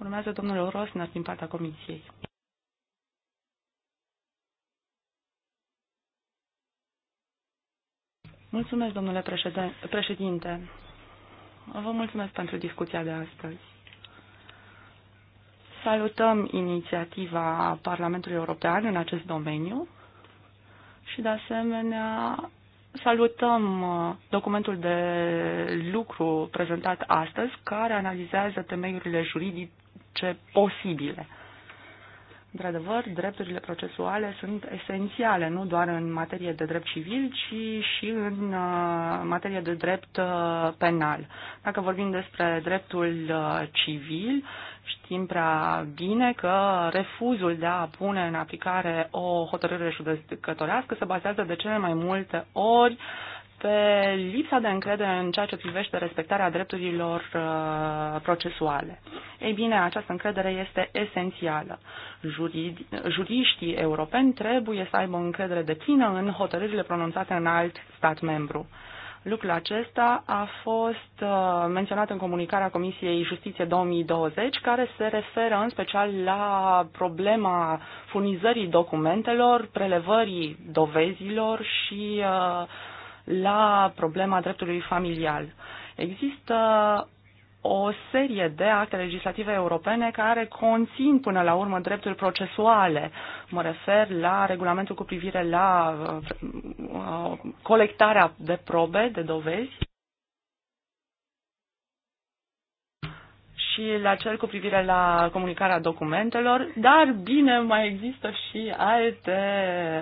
Urmează domnul Rosner din partea Comisiei. Mulțumesc, domnule președinte. Vă mulțumesc pentru discuția de astăzi. Salutăm inițiativa Parlamentului European în acest domeniu și, de asemenea, salutăm uh, documentul de lucru prezentat astăzi, care analizează temeiurile juridice posibile. Într-adevăr, drepturile procesuale sunt esențiale, nu doar în materie de drept civil, ci și în uh, materie de drept uh, penal. Dacă vorbim despre dreptul uh, civil, știm prea bine că refuzul de a pune în aplicare o hotărâre judecătorească se bazează de cele mai multe ori uh, pe lipsa de încredere în ceea ce privește respectarea drepturilor uh, procesuale. Ei bine, această încredere este esențială. Jurid, juriștii europeni trebuie să aibă încredere de plină în hotărârile pronunțate în alt stat membru. Lucrul acesta a fost uh, menționat în comunicarea Comisiei Justiție 2020, care se referă în special la problema furnizării documentelor, prelevării dovezilor și uh, la problema dreptului familial. Există o serie de acte legislative europene care conțin până la urmă drepturi procesuale. Mă refer la regulamentul cu privire la uh, uh, colectarea de probe, de dovezi, și la cel cu privire la comunicarea documentelor, dar bine, mai există și alte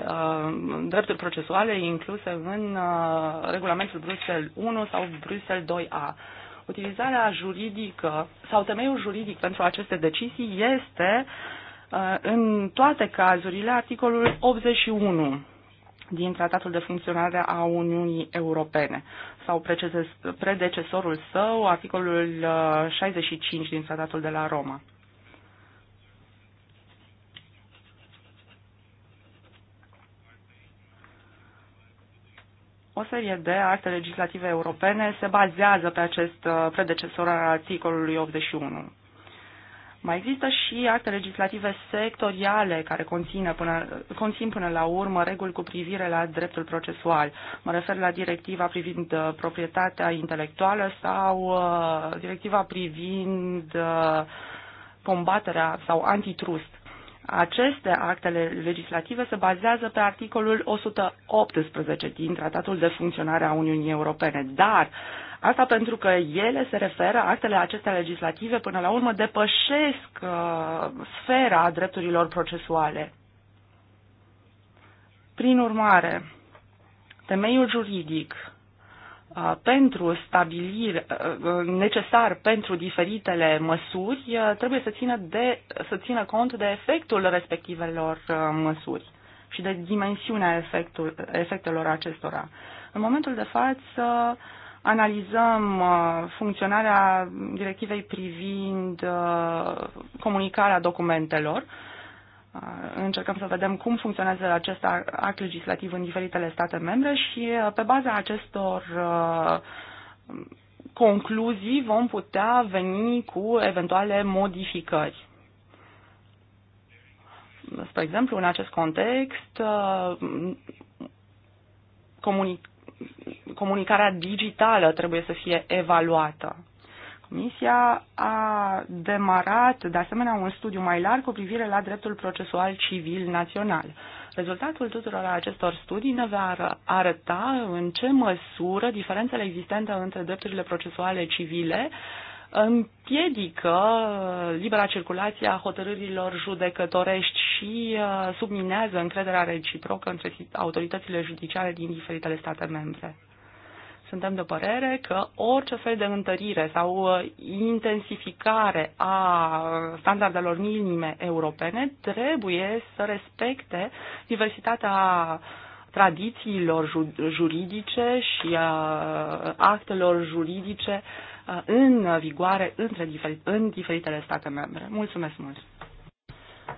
uh, drepturi procesuale incluse în uh, regulamentul Bruxelles 1 sau Bruxelles 2A. Utilizarea juridică sau temeiul juridic pentru aceste decizii este uh, în toate cazurile articolul 81 din Tratatul de Funcționare a Uniunii Europene sau predecesorul său, articolul 65 uh, din Tratatul de la Roma. o serie de acte legislative europene se bazează pe acest uh, predecesor al articolului 81. Mai există și acte legislative sectoriale care conțin până, conțin până la urmă reguli cu privire la dreptul procesual. Mă refer la directiva privind uh, proprietatea intelectuală sau uh, directiva privind uh, combaterea sau antitrust. Aceste acte legislative se bazează pe articolul 118 din Tratatul de Funcționare a Uniunii Europene, dar Asta pentru că ele se referă, actele acestea legislative, până la urmă, depășesc uh, sfera drepturilor procesuale. Prin urmare, temeiul juridic uh, pentru stabilire, uh, uh necesar pentru diferitele măsuri uh, trebuie să țină, de, să țină cont de efectul respectivelor uh, măsuri și de dimensiunea efectul, efectelor acestora. În momentul de față, analizăm uh, funcționarea directivei privind uh, comunicarea documentelor. Uh, încercăm să vedem cum funcționează acest act legislativ în diferitele state membre și pe baza acestor concluzii vom putea veni cu eventuale modificări. Spre exemplu, în acest context, comunicarea comunicarea digitală trebuie să fie evaluată. Comisia a demarat, de asemenea, un studiu mai larg cu privire la dreptul procesual civil național. Rezultatul tuturor acestor studii ne va arăta în ce măsură diferențele existente între drepturile procesuale civile împiedică libera circulație a hotărârilor judecătorești și uh, subminează încrederea reciprocă între autoritățile judiciare din diferitele state membre. Suntem de părere că orice fel de întărire sau uh, intensificare a standardelor minime europene trebuie să respecte diversitatea tradițiilor juridice și a uh, actelor juridice uh, Uh, în vigoare între diferi, în diferitele state membre. Mulțumesc mult!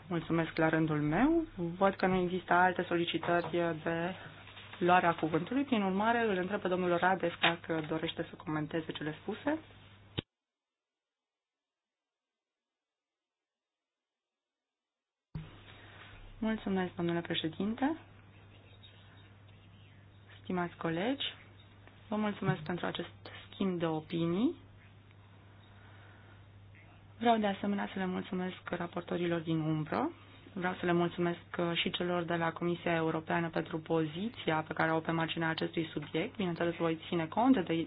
Mulțumesc la rândul meu. Văd că nu există alte solicitări de luarea cuvântului. Prin urmare, îl întreb pe domnul Rades dacă dorește să comenteze cele spuse. Mulțumesc, domnule președinte. Stimați colegi, vă mulțumesc pentru acest schimb de opinii. Vreau de asemenea să le mulțumesc raportorilor din umbră. Vreau să le mulțumesc și celor de la Comisia Europeană pentru poziția pe care au pe marginea acestui subiect. Bineînțeles, voi ține cont de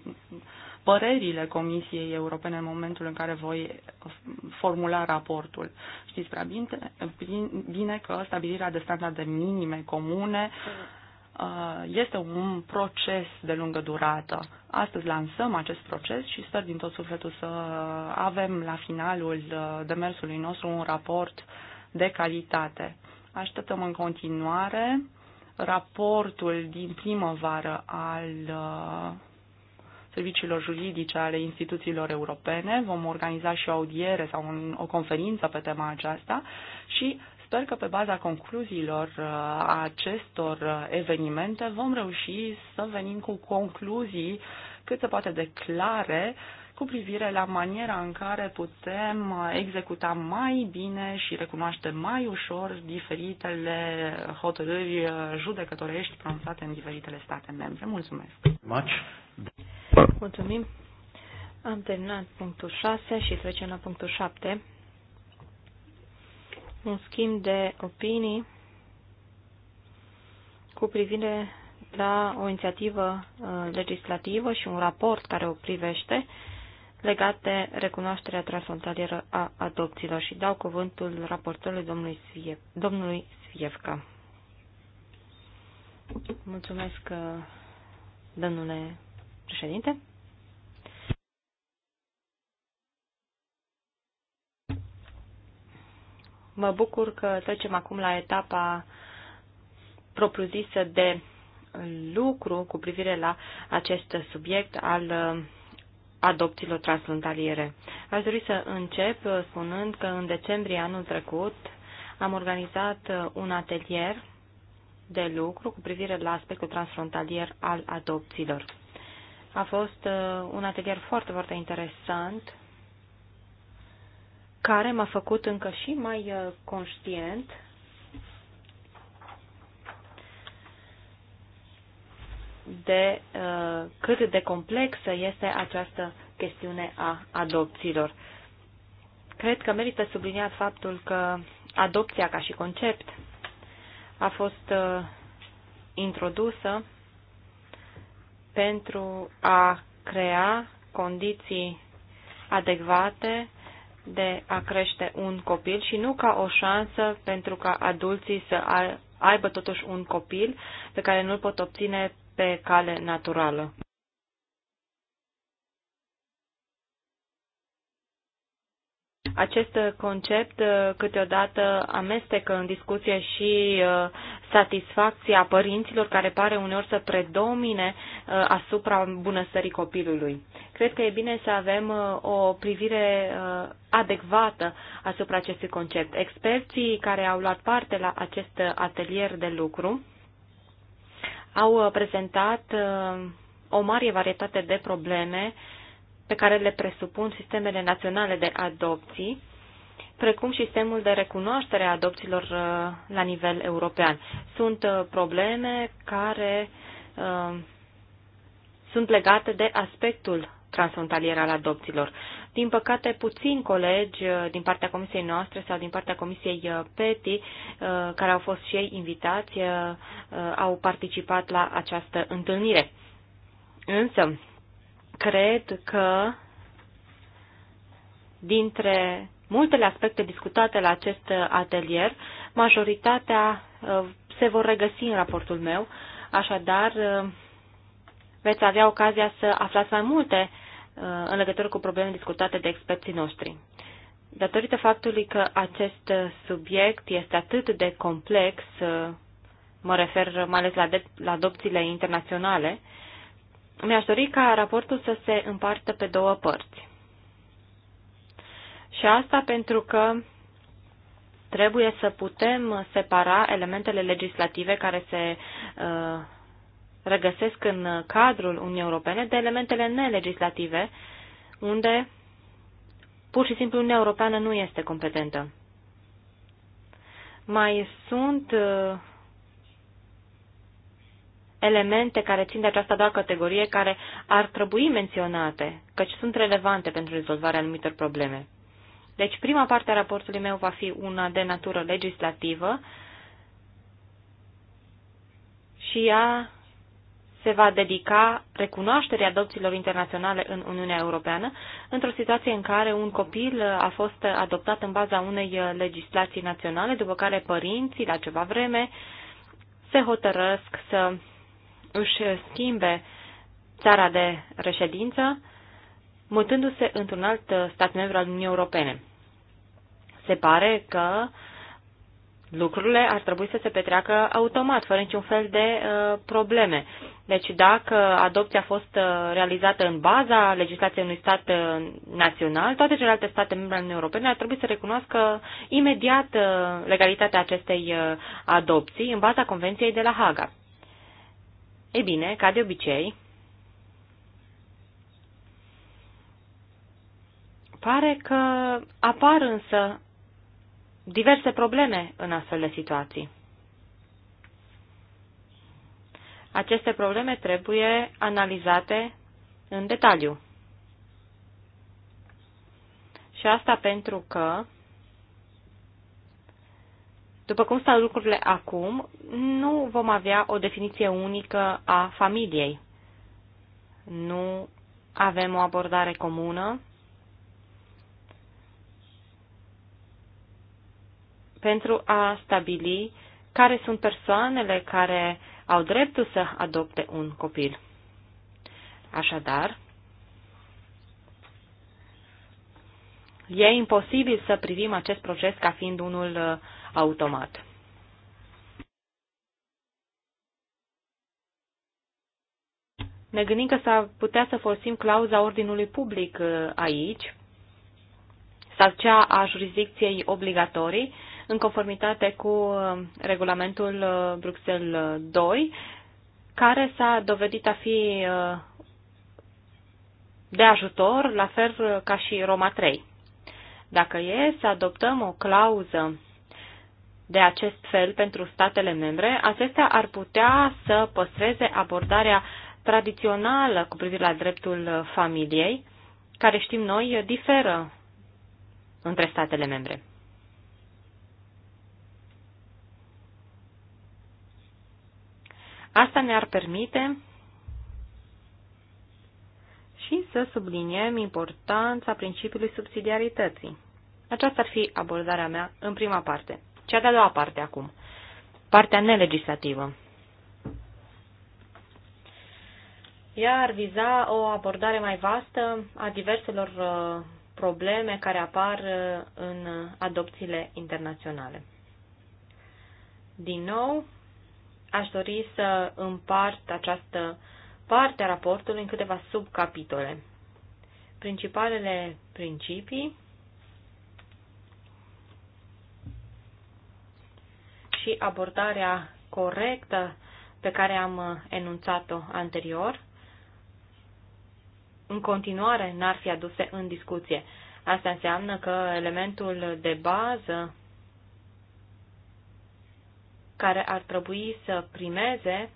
părerile Comisiei Europene în momentul în care voi formula raportul. Știți prea bine, bine că stabilirea de standarde minime comune Uh, este un proces de lungă durată. Astăzi lansăm acest proces și sper din tot sufletul să avem la finalul uh, demersului nostru un raport de calitate. Așteptăm în continuare raportul din primăvară al uh, serviciilor juridice ale instituțiilor europene. Vom organiza și o audiere sau un, o conferință pe tema aceasta și Sper că pe baza concluziilor uh, acestor uh, evenimente vom reuși să venim cu concluzii cât se poate de clare cu privire la maniera în care putem uh, executa mai bine și recunoaște mai ușor diferitele hotărâri judecătorești pronunțate în diferitele state membre. Mulțumesc! Much. Mulțumim! Am terminat punctul 6 și trecem la punctul 7 un schimb de opinii cu privire la o inițiativă uh, legislativă și un raport care o privește legat de recunoașterea transfrontalieră a adopțiilor și dau cuvântul raportorului domnului, Sviev, domnului Svievca. Mulțumesc, uh, domnule președinte. Mă bucur că trecem acum la etapa propriu-zisă de lucru cu privire la acest subiect al uh, adopțiilor transfrontaliere. Aș dori să încep spunând că în decembrie anul trecut am organizat uh, un atelier de lucru cu privire la aspectul transfrontalier al adopțiilor. A fost uh, un atelier foarte, foarte interesant care m-a făcut încă și mai uh, conștient de uh, cât de complexă este această chestiune a adopțiilor. Cred că merită subliniat faptul că adopția ca și concept a fost uh, introdusă pentru a crea condiții adecvate de a crește un copil și nu ca o șansă pentru ca adulții să aibă totuși un copil pe care nu-l pot obține pe cale naturală. Acest concept uh, câteodată amestecă în discuție și uh, satisfacția părinților care pare uneori să predomine uh, asupra bunăstării copilului. Cred că e bine să avem o privire adecvată asupra acestui concept. Experții care au luat parte la acest atelier de lucru au prezentat o mare varietate de probleme uh, pe care le presupun sistemele naționale de adopții, precum și sistemul de recunoaștere a adopțiilor uh, la nivel european. Sunt uh, probleme care uh, sunt legate de aspectul transfrontalier al adopțiilor. Din păcate, puțini colegi din partea comisiei noastre sau din partea comisiei PETI, care au fost și ei invitați, au participat la această întâlnire. Însă, cred că dintre multele aspecte discutate la acest atelier, majoritatea uh, se vor regăsi în raportul meu, așadar uh, veți avea ocazia să aflați mai multe uh, în legătură cu probleme discutate de experții noștri. Datorită faptului că acest subiect este atât de complex, mă refer mai ales la, adopțiile internaționale, mi-aș dori ca raportul să se împartă pe două părți. Și asta pentru că trebuie să putem separa elementele legislative care se uh, regăsesc în cadrul Uniunii Europene de elementele nelegislative, unde pur și simplu Uniunea Europeană nu este competentă. Mai sunt uh, elemente care țin de această a doua categorie care ar trebui menționate, căci sunt relevante pentru rezolvarea anumitor probleme. Deci prima parte a raportului meu va fi una de natură legislativă și ea se va dedica recunoașterii adopțiilor internaționale în Uniunea Europeană, într-o situație în care un copil a fost adoptat în baza unei legislații naționale, după care părinții, la ceva vreme, se hotărăsc să își schimbe țara de reședință, mutându-se într-un alt stat membru al Uniunii Europene. Se pare că lucrurile ar trebui să se petreacă automat, fără niciun fel de uh, probleme. Deci dacă adopția a fost uh, realizată în baza legislației unui stat uh, național, toate celelalte state membre ale Uniunii Europene ar trebui să recunoască imediat uh, legalitatea acestei uh, adopții în baza Convenției de la Haga. E bine, ca de obicei, pare că apar însă diverse probleme în astfel de situații. Aceste probleme trebuie analizate în detaliu. Și asta pentru că după cum stau lucrurile acum, nu vom avea o definiție unică a familiei. Nu avem o abordare comună pentru a stabili care sunt persoanele care au dreptul să adopte un copil. Așadar, e imposibil să privim acest proces ca fiind unul uh, automat. Ne gândim că s-ar putea să folosim clauza ordinului public uh, aici sau cea a jurisdicției obligatorii în conformitate cu uh, regulamentul uh, Bruxelles 2, care s-a dovedit a fi de ajutor, la fel ca și Roma 3. Dacă e să adoptăm o clauză de acest fel pentru statele membre, acestea ar putea să păstreze abordarea tradițională cu privire la dreptul familiei, care știm noi diferă între statele membre. Asta ne-ar permite și să subliniem importanța principiului subsidiarității. Aceasta ar fi abordarea mea în prima parte. Cea de-a doua parte acum. Partea nelegislativă. Ea ar viza o abordare mai vastă a diverselor uh, probleme care apar uh, în adopțiile internaționale. Din nou, aș dori să împart această parte a raportului în câteva subcapitole. Principalele principii și abordarea corectă pe care am enunțat-o anterior, în continuare n-ar fi aduse în discuție. Asta înseamnă că elementul de bază care ar trebui să primeze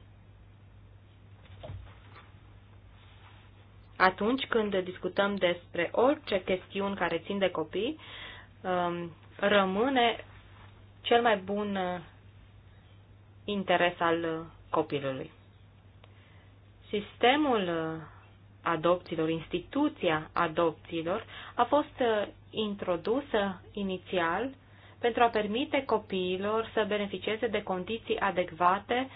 atunci când discutăm despre orice chestiuni care țin de copii, um, rămâne cel mai bun interes al uh, copilului. Sistemul uh, adopțiilor, instituția adopțiilor, a fost uh, introdusă inițial pentru a permite copiilor să beneficieze de condiții adecvate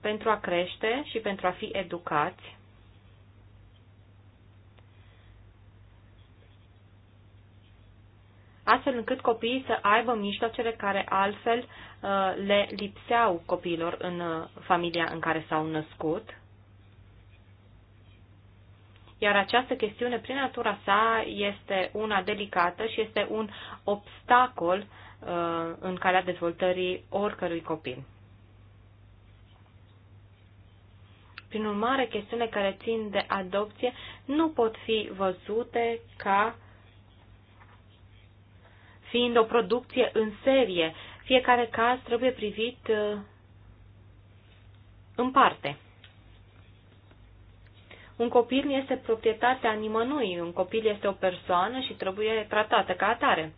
pentru a crește și pentru a fi educați. Astfel încât copiii să aibă mijloacele care altfel Uh, le lipseau copiilor în uh, familia în care s-au născut. Iar această chestiune, prin natura sa, este una delicată și este un obstacol uh, în calea dezvoltării oricărui copil. Prin urmare, chestiunile care țin de adopție nu pot fi văzute ca fiind o producție în serie fiecare caz trebuie privit uh, în parte. Un copil nu este proprietatea nimănui, un copil este o persoană și trebuie tratată ca atare.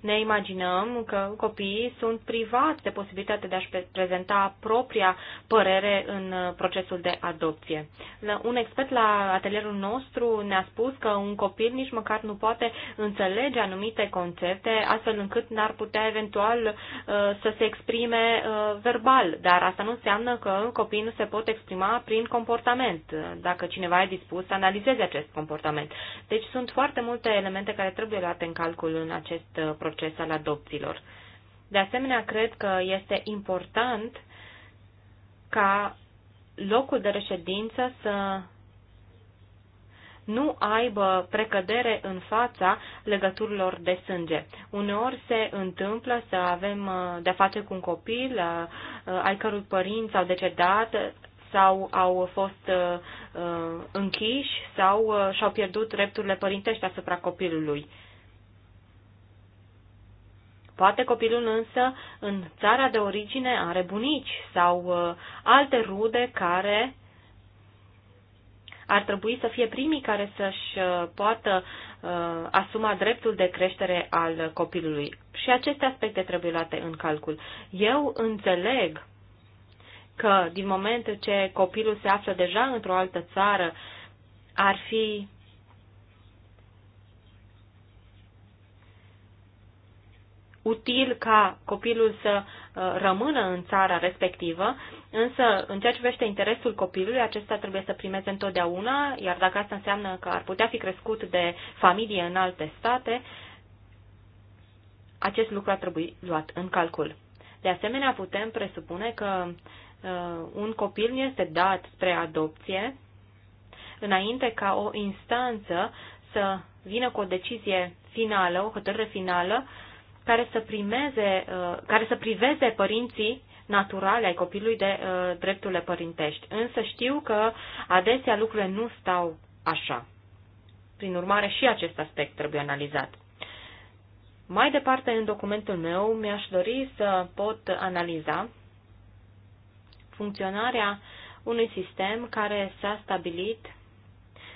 ne imaginăm că copiii sunt privați de posibilitatea de a-și prezenta propria părere în uh, procesul de adopție. Un expert la atelierul nostru ne-a spus că un copil nici măcar nu poate înțelege anumite concepte, astfel încât n-ar putea eventual uh, să se exprime uh, verbal, dar asta nu înseamnă că copiii nu se pot exprima prin comportament, dacă cineva e dispus să analizeze acest comportament. Deci sunt foarte multe elemente care trebuie luate în calcul în acest proces proces al adopțiilor. De asemenea, cred că este important ca locul de reședință să nu aibă precădere în fața legăturilor de sânge. Uneori se întâmplă să avem uh, de-a face cu un copil uh, uh, ai cărui părinți au decedat sau au fost închiși sau și-au pierdut drepturile părintești asupra copilului. Poate copilul însă în țara de origine are bunici sau uh, alte rude care ar trebui să fie primii care să-și uh, poată uh, asuma dreptul de creștere al copilului. Și aceste aspecte trebuie luate în calcul. Eu înțeleg că din moment ce copilul se află deja într-o altă țară, ar fi util ca copilul să uh, rămână în țara respectivă, însă în ceea ce privește interesul copilului, acesta trebuie să primeze întotdeauna, iar dacă asta înseamnă că ar putea fi crescut de familie în alte state, acest lucru ar trebui luat în calcul. De asemenea, putem presupune că uh, un copil nu este dat spre adopție înainte ca o instanță să vină cu o decizie finală, o hotărâre finală care să, primeze, uh, care să priveze părinții naturale ai copilului de uh, drepturile părintești. Însă știu că adesea lucrurile nu stau așa. Prin urmare, și acest aspect trebuie analizat. Mai departe, în documentul meu, mi-aș dori să pot analiza funcționarea unui sistem care s-a stabilit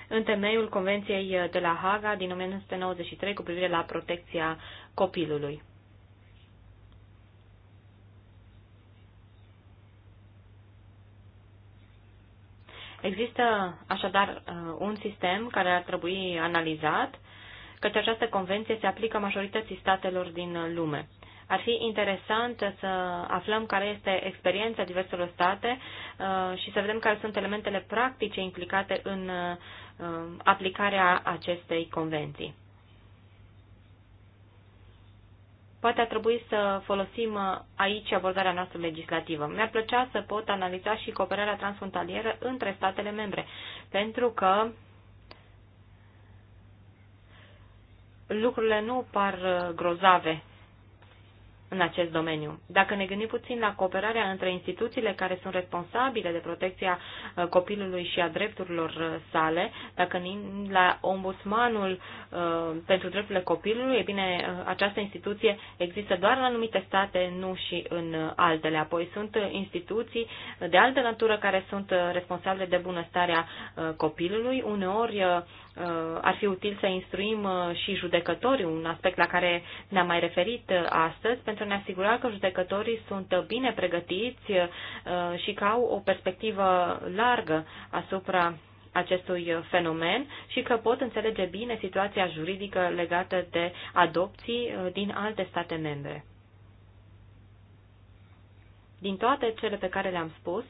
în temeiul Convenției de la Haga din 1993 cu privire la protecția copilului. Există așadar uh, un sistem care ar trebui analizat, căci această convenție se aplică majorității statelor din lume. Ar fi interesant să aflăm care este experiența diverselor state uh, și să vedem care sunt elementele practice implicate în uh, aplicarea acestei convenții. Poate ar trebui să folosim uh, aici abordarea noastră legislativă. Mi-ar plăcea să pot analiza și cooperarea transfrontalieră între statele membre, pentru că lucrurile nu par grozave în acest domeniu. Dacă ne gândim puțin la cooperarea între instituțiile care sunt responsabile de protecția uh, copilului și a drepturilor uh, sale, dacă gândim la ombudsmanul uh, pentru drepturile copilului, e bine, această instituție există doar în anumite state, nu și în altele. Apoi sunt instituții de altă natură care sunt responsabile de bunăstarea copilului. Uneori Uh, ar fi util să instruim uh, și judecătorii, un aspect la care ne-am mai referit uh, astăzi, pentru a ne asigura că judecătorii sunt bine pregătiți și că au o perspectivă largă asupra acestui fenomen și că pot înțelege bine situația juridică legată de adopții din alte state membre. Din toate cele pe care le-am spus,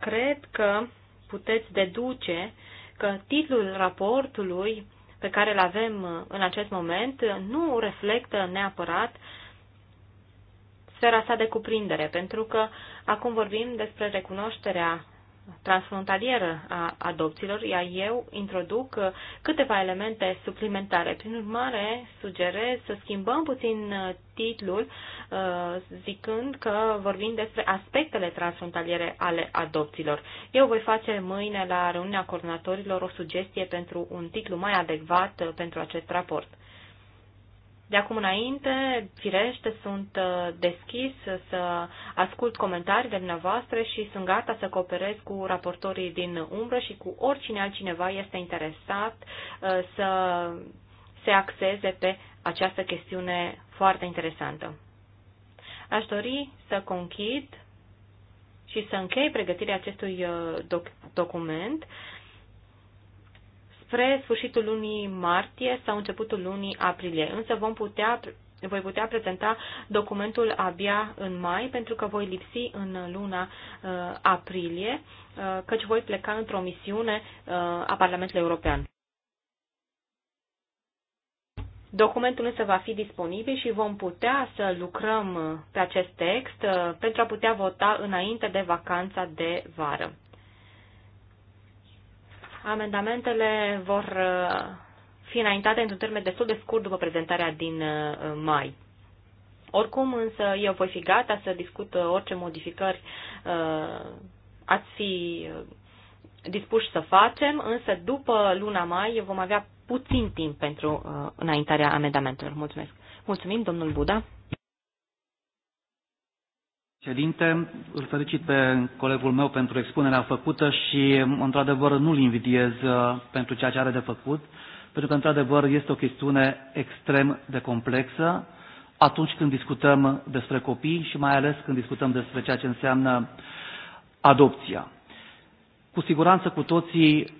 cred că puteți deduce uh, că titlul raportului pe care îl avem uh, în acest moment uh, nu reflectă neapărat sfera sa de cuprindere, pentru că acum vorbim despre recunoașterea transfrontalieră a adopțiilor, iar eu introduc uh, câteva elemente suplimentare. Prin urmare, sugerez să schimbăm puțin uh, titlul, uh, zicând că vorbim despre aspectele transfrontaliere ale adopțiilor. Eu voi face mâine la reuniunea coordonatorilor o sugestie pentru un titlu mai adecvat pentru acest raport. De acum înainte, firește, sunt uh, deschis să ascult comentariile dumneavoastră și sunt gata să cooperez cu raportorii din umbră și cu oricine altcineva este interesat uh, să se axeze pe această chestiune foarte interesantă. Aș dori să conchid și să închei pregătirea acestui uh, document spre sfârșitul lunii martie sau începutul lunii aprilie, însă vom putea, voi putea prezenta documentul abia în mai, pentru că voi lipsi în luna uh, aprilie, uh, căci voi pleca într-o misiune uh, a Parlamentului European. Documentul însă va fi disponibil și vom putea să lucrăm pe acest text uh, pentru a putea vota înainte de vacanța de vară. Amendamentele vor uh, fi înaintate într-un termen destul de scurt după prezentarea din uh, mai. Oricum, însă, eu voi fi gata să discut uh, orice modificări ați fi dispuși să facem, însă după luna mai vom avea puțin timp pentru înaintarea amendamentelor. Mulțumesc. Mulțumim, domnul Buda. Ședinte, îl felicit pe colegul meu pentru expunerea făcută și, într-adevăr, nu-l invidiez uh, pentru ceea ce are de făcut, pentru că, într-adevăr, este o chestiune extrem de complexă atunci când discutăm despre copii și mai ales când discutăm despre ceea ce înseamnă adopția. Cu siguranță cu toții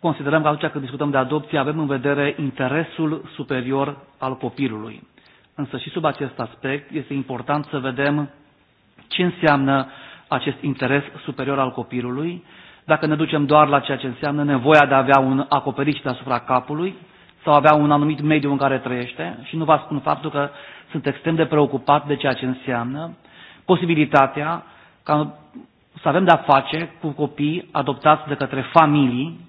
considerăm că atunci când discutăm de adopție avem în vedere interesul superior al copilului. Însă și sub acest aspect este important să vedem ce înseamnă acest interes superior al copilului, dacă ne ducem doar la ceea ce înseamnă nevoia de a avea un acoperiș deasupra capului sau avea un anumit mediu în care trăiește și nu vă spun faptul că sunt extrem de preocupat de ceea ce înseamnă posibilitatea ca să avem de-a face cu copii adoptați de către familii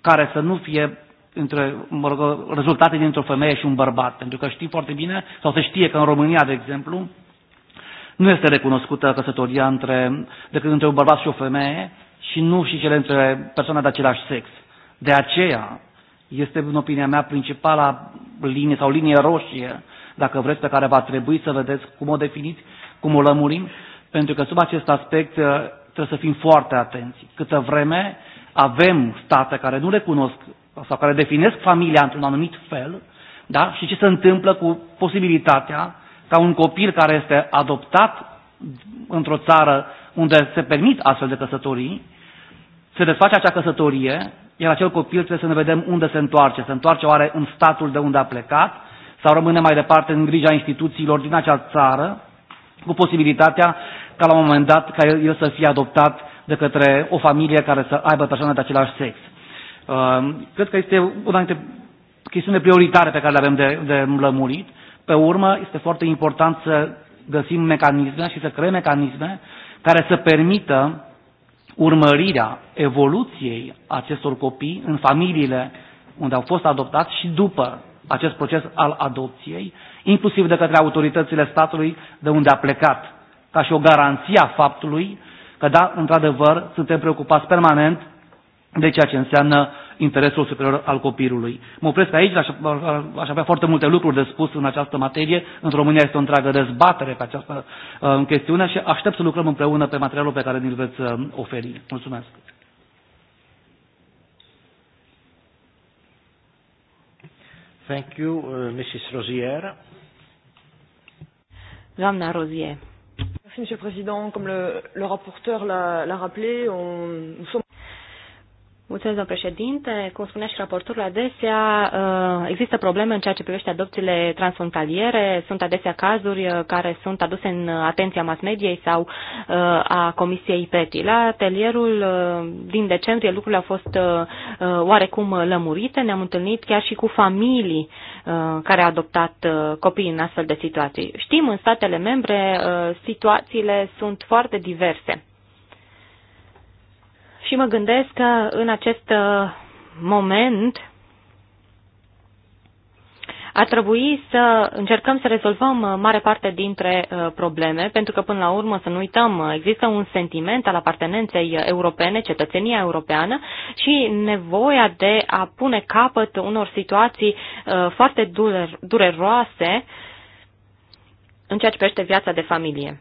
care să nu fie între, mă rog, rezultate dintr-o femeie și un bărbat. Pentru că știi foarte bine, sau se știe că în România, de exemplu, nu este recunoscută căsătoria între, decât între un bărbat și o femeie și nu și cele între persoane de același sex. De aceea, este, în opinia mea, principala linie sau linie roșie, dacă vreți, pe care va trebui să vedeți cum o definiți, cum o lămurim, pentru că sub acest aspect ă, trebuie să fim foarte atenți. Câtă vreme avem state care nu recunosc sau care definesc familia într-un anumit fel, da? și ce se întâmplă cu posibilitatea ca un copil care este adoptat într-o țară unde se permit astfel de căsătorii, se desface acea căsătorie, iar acel copil trebuie să ne vedem unde se întoarce. Se întoarce oare în statul de unde a plecat sau rămâne mai departe în grija instituțiilor din acea țară, cu posibilitatea ca la un moment dat ca el să fie adoptat de către o familie care să aibă persoane de același sex. Uh, cred că este una dintre chestiune prioritare pe care le avem de, de lămurit pe urmă, este foarte important să găsim mecanisme și să creăm mecanisme care să permită urmărirea evoluției acestor copii în familiile unde au fost adoptați și după acest proces al adopției, inclusiv de către autoritățile statului de unde a plecat, ca și o garanție a faptului că, da, într-adevăr, suntem preocupați permanent de ceea ce înseamnă interesul superior al copilului. Mă opresc aici, aș, aș avea foarte multe lucruri de spus în această materie. În România este o întreagă dezbatere pe această uh, chestiune și aștept să lucrăm împreună pe materialul pe care ni-l veți uh, oferi. Mulțumesc! Thank you, uh, Mrs. Rozier. Doamna Rozier. Merci, Monsieur le Président. Comme le, le rapporteur l'a rappelé, on, nous sommes Mulțumesc, domnul președinte. Cum spunea și raportorul, adesea uh, există probleme în ceea ce privește adopțiile transfrontaliere. Sunt adesea cazuri uh, care sunt aduse în atenția mass mediei sau uh, a Comisiei PETI. La atelierul din decembrie lucrurile au fost oarecum lămurite. Ne-am întâlnit chiar și cu familii care au adoptat copii în astfel de situații. Știm, în statele membre, situațiile sunt foarte diverse. Și mă gândesc că în acest uh, moment ar trebui să încercăm să rezolvăm uh, mare parte dintre uh, probleme, pentru că până la urmă, să nu uităm, există un sentiment al apartenenței europene, cetățenia europeană și nevoia de a pune capăt unor situații foarte dureroase în ceea ce privește viața de familie.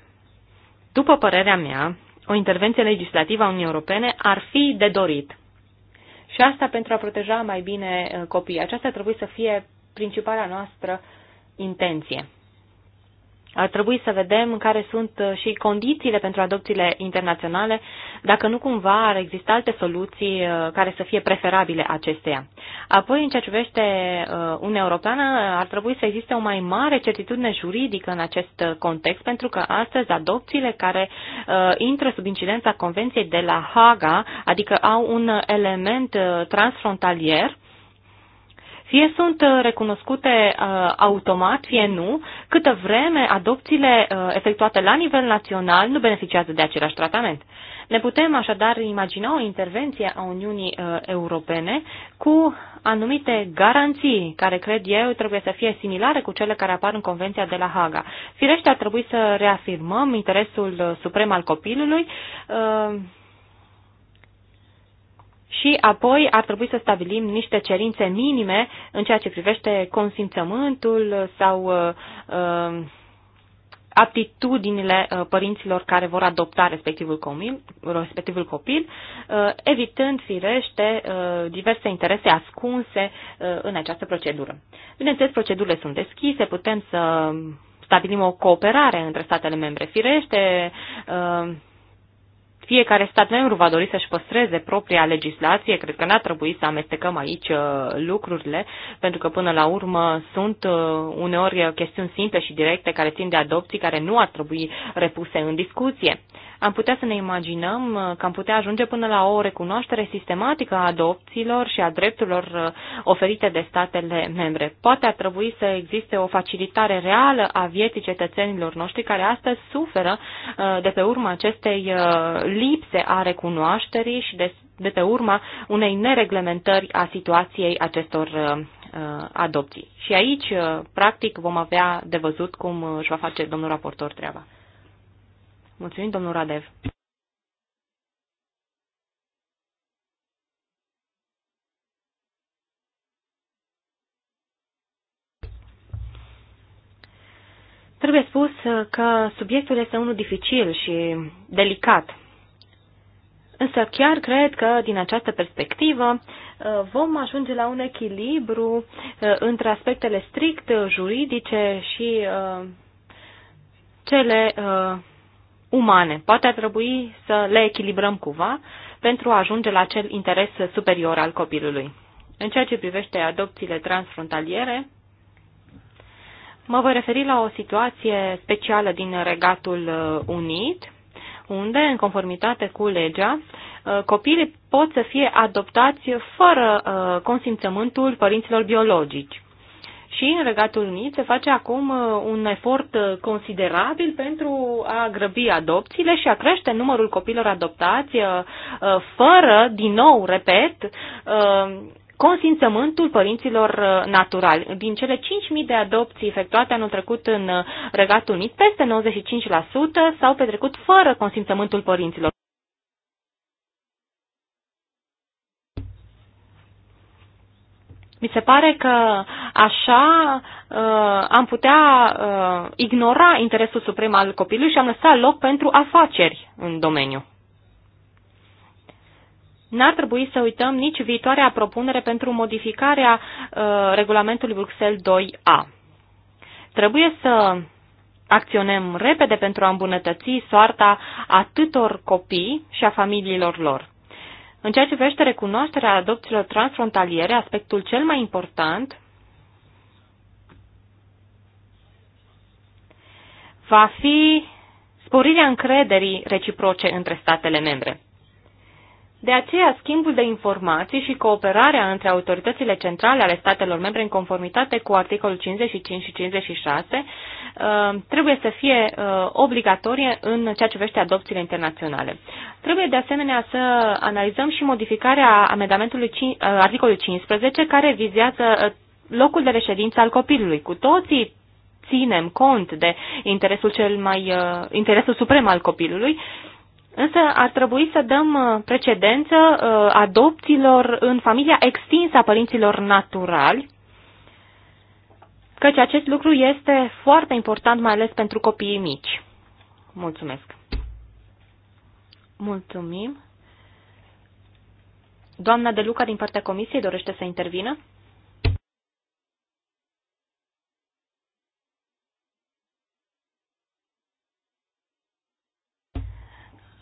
După părerea mea, o intervenție legislativă a Uniunii Europene ar fi de dorit. Și asta pentru a proteja mai bine uh, copiii. Aceasta trebuie să fie principala noastră intenție. Ar trebui să vedem care sunt uh, și condițiile pentru adopțiile internaționale, dacă nu cumva ar exista alte soluții uh, care să fie preferabile acesteia. Apoi, în ceea ce privește uh, Uniunea Europeană, ar trebui să existe o mai mare certitudine juridică în acest context, pentru că astăzi adopțiile care intră sub incidența Convenției de la Haga, adică au un element transfrontalier, fie sunt uh, recunoscute uh, automat, fie nu, câtă vreme adopțiile uh, efectuate la nivel național nu beneficiază de același tratament. Ne putem așadar imagina o intervenție a Uniunii Europene cu anumite garanții, care cred eu trebuie să fie similare cu cele care apar în Convenția de la Haga. Firește ar trebui să reafirmăm interesul suprem al copilului și apoi ar trebui să stabilim niște cerințe minime în ceea ce privește consimțământul sau uh, uh aptitudinile uh, părinților care vor adopta respectivul copil, respectivul copil uh, evitând firește diverse interese ascunse în această procedură. Bineînțeles, procedurile sunt deschise, putem să stabilim o cooperare între statele membre. Firește, fiecare stat membru va dori să-și păstreze propria legislație. Cred că n-ar trebui să amestecăm aici uh, lucrurile, pentru că până la urmă sunt uh, uneori uh, chestiuni simple și directe care țin de adopții, care nu ar trebui repuse în discuție. Am putea să ne imaginăm că am putea ajunge până la o recunoaștere sistematică a adopțiilor și a drepturilor oferite de statele membre. Poate ar trebui să existe o facilitare reală a vieții cetățenilor noștri care astăzi suferă de pe urma acestei lipse a recunoașterii și de, de pe urma unei nereglementări a situației acestor uh, uh adopții. Și aici, uh, practic, vom avea de văzut cum uh, își va face domnul raportor treaba. Mulțumim, domnul Radev. Trebuie spus uh, că subiectul este unul dificil și delicat. Însă chiar cred că din această perspectivă uh, vom ajunge la un echilibru uh, între aspectele strict juridice și uh, cele umane. Poate ar trebui să le echilibrăm cumva pentru a ajunge la acel interes superior al copilului. În ceea ce privește adopțiile transfrontaliere, mă voi referi la o situație specială din Regatul Unit, unde, în conformitate cu legea, uh, copiii pot să fie adoptați fără uh, consimțământul părinților biologici. Și în Regatul Unit se face acum uh, un efort considerabil pentru a grăbi adopțiile și a crește numărul copilor adoptați fără, din nou, repet, consimțământul părinților uh, naturali. Din cele 5.000 de adopții efectuate anul trecut în uh, Regatul Unit, peste 95% s-au petrecut fără consimțământul părinților. Mi se pare că așa uh, am putea uh, ignora interesul suprem al copilului și am lăsat loc pentru afaceri în domeniu. N-ar trebui să uităm nici viitoarea propunere pentru modificarea uh, regulamentului Bruxelles 2A. Trebuie să acționăm repede pentru a îmbunătăți soarta atâtor copii și a familiilor lor. În ceea ce privește recunoașterea adopțiilor transfrontaliere, aspectul cel mai important va fi sporirea încrederii reciproce între statele membre. De aceea, schimbul de informații și cooperarea între autoritățile centrale ale statelor membre în conformitate cu articolul 55 și 56 uh, trebuie să fie uh, obligatorie în ceea ce vește adopțiile internaționale. Trebuie de asemenea să analizăm și modificarea amendamentului uh, articolului 15 care vizează locul de reședință al copilului. Cu toții ținem cont de interesul cel mai interesul suprem al copilului Însă ar trebui să dăm uh, precedență uh, adopțiilor în familia extinsă a părinților naturali, căci acest lucru este foarte important, mai ales pentru copiii mici. Mulțumesc! Mulțumim! Doamna De Luca din partea comisiei dorește să intervină?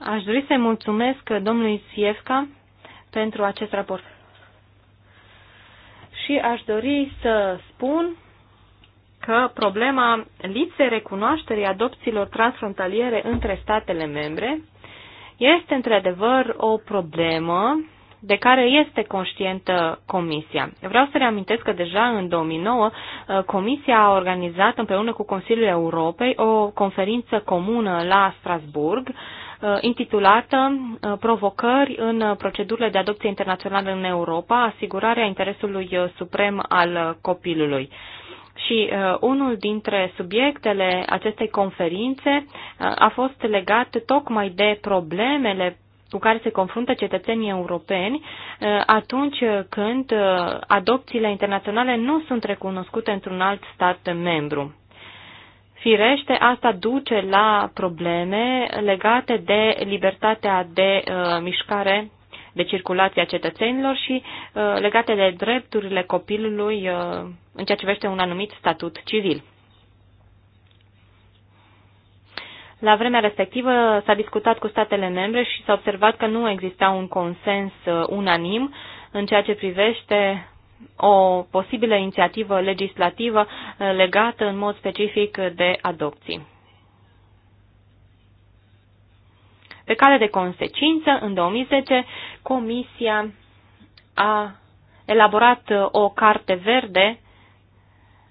Aș dori să-i mulțumesc domnului Siefca pentru acest raport. Și aș dori să spun că problema lipsei recunoașterii adopțiilor transfrontaliere între statele membre este într-adevăr o problemă de care este conștientă Comisia. Vreau să reamintesc că deja în 2009 uh, Comisia a organizat împreună cu Consiliul Europei o conferință comună la Strasburg Uh, intitulată uh, Provocări în procedurile de adopție internațională în Europa, asigurarea interesului uh, suprem al copilului. Și uh, unul dintre subiectele acestei conferințe uh, a fost legat tocmai de problemele cu care se confruntă cetățenii europeni atunci când adopțiile internaționale nu sunt recunoscute într-un alt stat membru. Firește, asta duce la probleme legate de libertatea de uh, mișcare, de circulație a cetățenilor și uh, legate de drepturile copilului uh, în ceea ce vește un anumit statut civil. La vremea respectivă s-a discutat cu statele membre și s-a observat că nu exista un consens uh, unanim în ceea ce privește o posibilă inițiativă legislativă eh, legată în mod specific de adopții. Pe cale de consecință, în 2010, Comisia a elaborat eh, o carte verde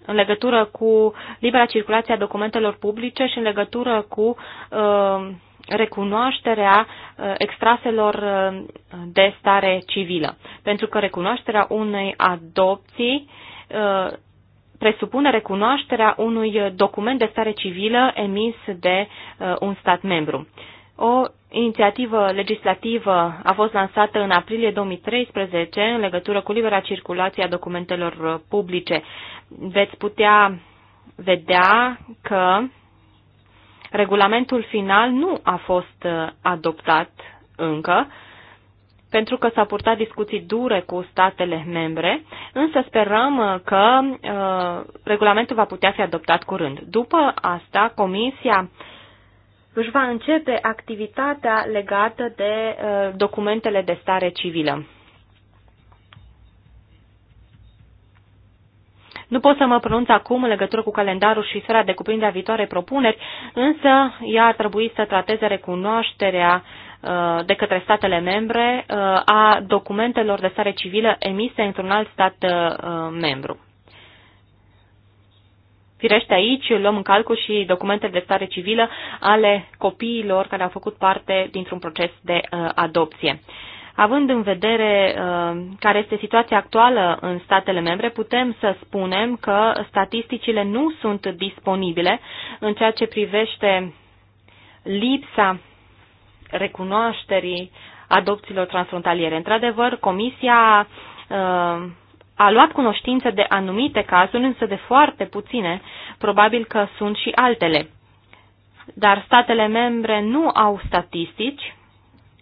în legătură cu libera circulație a documentelor publice și în legătură cu uh, recunoașterea uh, extraselor uh, de stare civilă, pentru că recunoașterea unei adopții uh, presupune recunoașterea unui document de stare civilă emis de un stat membru. O inițiativă legislativă a fost lansată în aprilie 2013 în legătură cu libera circulație a documentelor publice. Veți putea vedea că Regulamentul final nu a fost uh, adoptat încă, pentru că s a purtat discuții dure cu statele membre, însă sperăm uh, că uh, regulamentul va putea fi adoptat curând. După asta, Comisia își va începe activitatea legată de uh, documentele de stare civilă. Nu pot să mă pronunț acum în legătură cu calendarul și sfera de cuprindere a viitoare propuneri, însă ea ar trebui să trateze recunoașterea uh, de către statele membre uh, a documentelor de stare civilă emise într-un alt stat uh, membru. Firește aici, luăm în calcul și documentele de stare civilă ale copiilor care au făcut parte dintr-un proces de adopție. Având în vedere uh, care este situația actuală în statele membre, putem să spunem că statisticile nu sunt disponibile în ceea ce privește lipsa recunoașterii adopțiilor transfrontaliere. Într-adevăr, Comisia uh, a luat cunoștință de anumite cazuri, însă de foarte puține, probabil că sunt și altele. Dar statele membre nu au statistici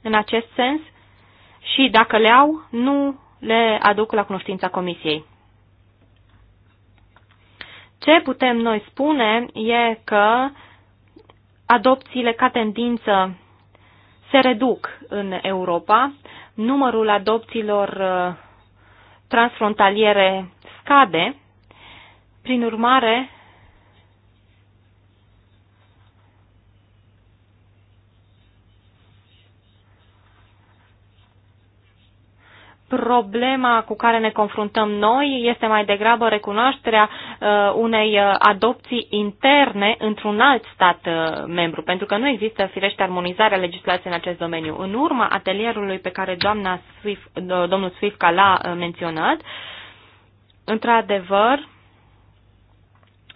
în acest sens și dacă le au, nu le aduc la cunoștința comisiei. Ce putem noi spune e că adopțiile ca tendință se reduc în Europa, numărul adopțiilor uh, transfrontaliere scade, prin urmare, problema cu care ne confruntăm noi este mai degrabă recunoașterea uh, unei uh, adopții interne într-un alt stat uh, membru, pentru că nu există firește armonizarea legislației în acest domeniu. În urma atelierului pe care doamna Swift, domnul Swift l-a menționat, într-adevăr,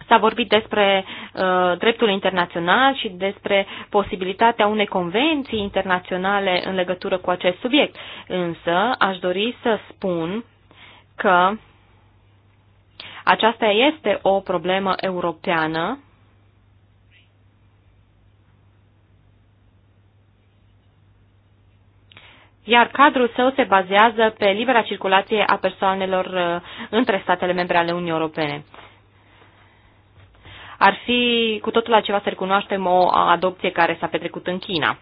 S-a vorbit despre uh, dreptul internațional și despre posibilitatea unei convenții internaționale în legătură cu acest subiect. Însă aș dori să spun că aceasta este o problemă europeană iar cadrul său se bazează pe libera circulație a persoanelor uh, între statele membre ale Uniunii Europene. Ar fi cu totul altceva să recunoaștem o adopție care s-a petrecut în China.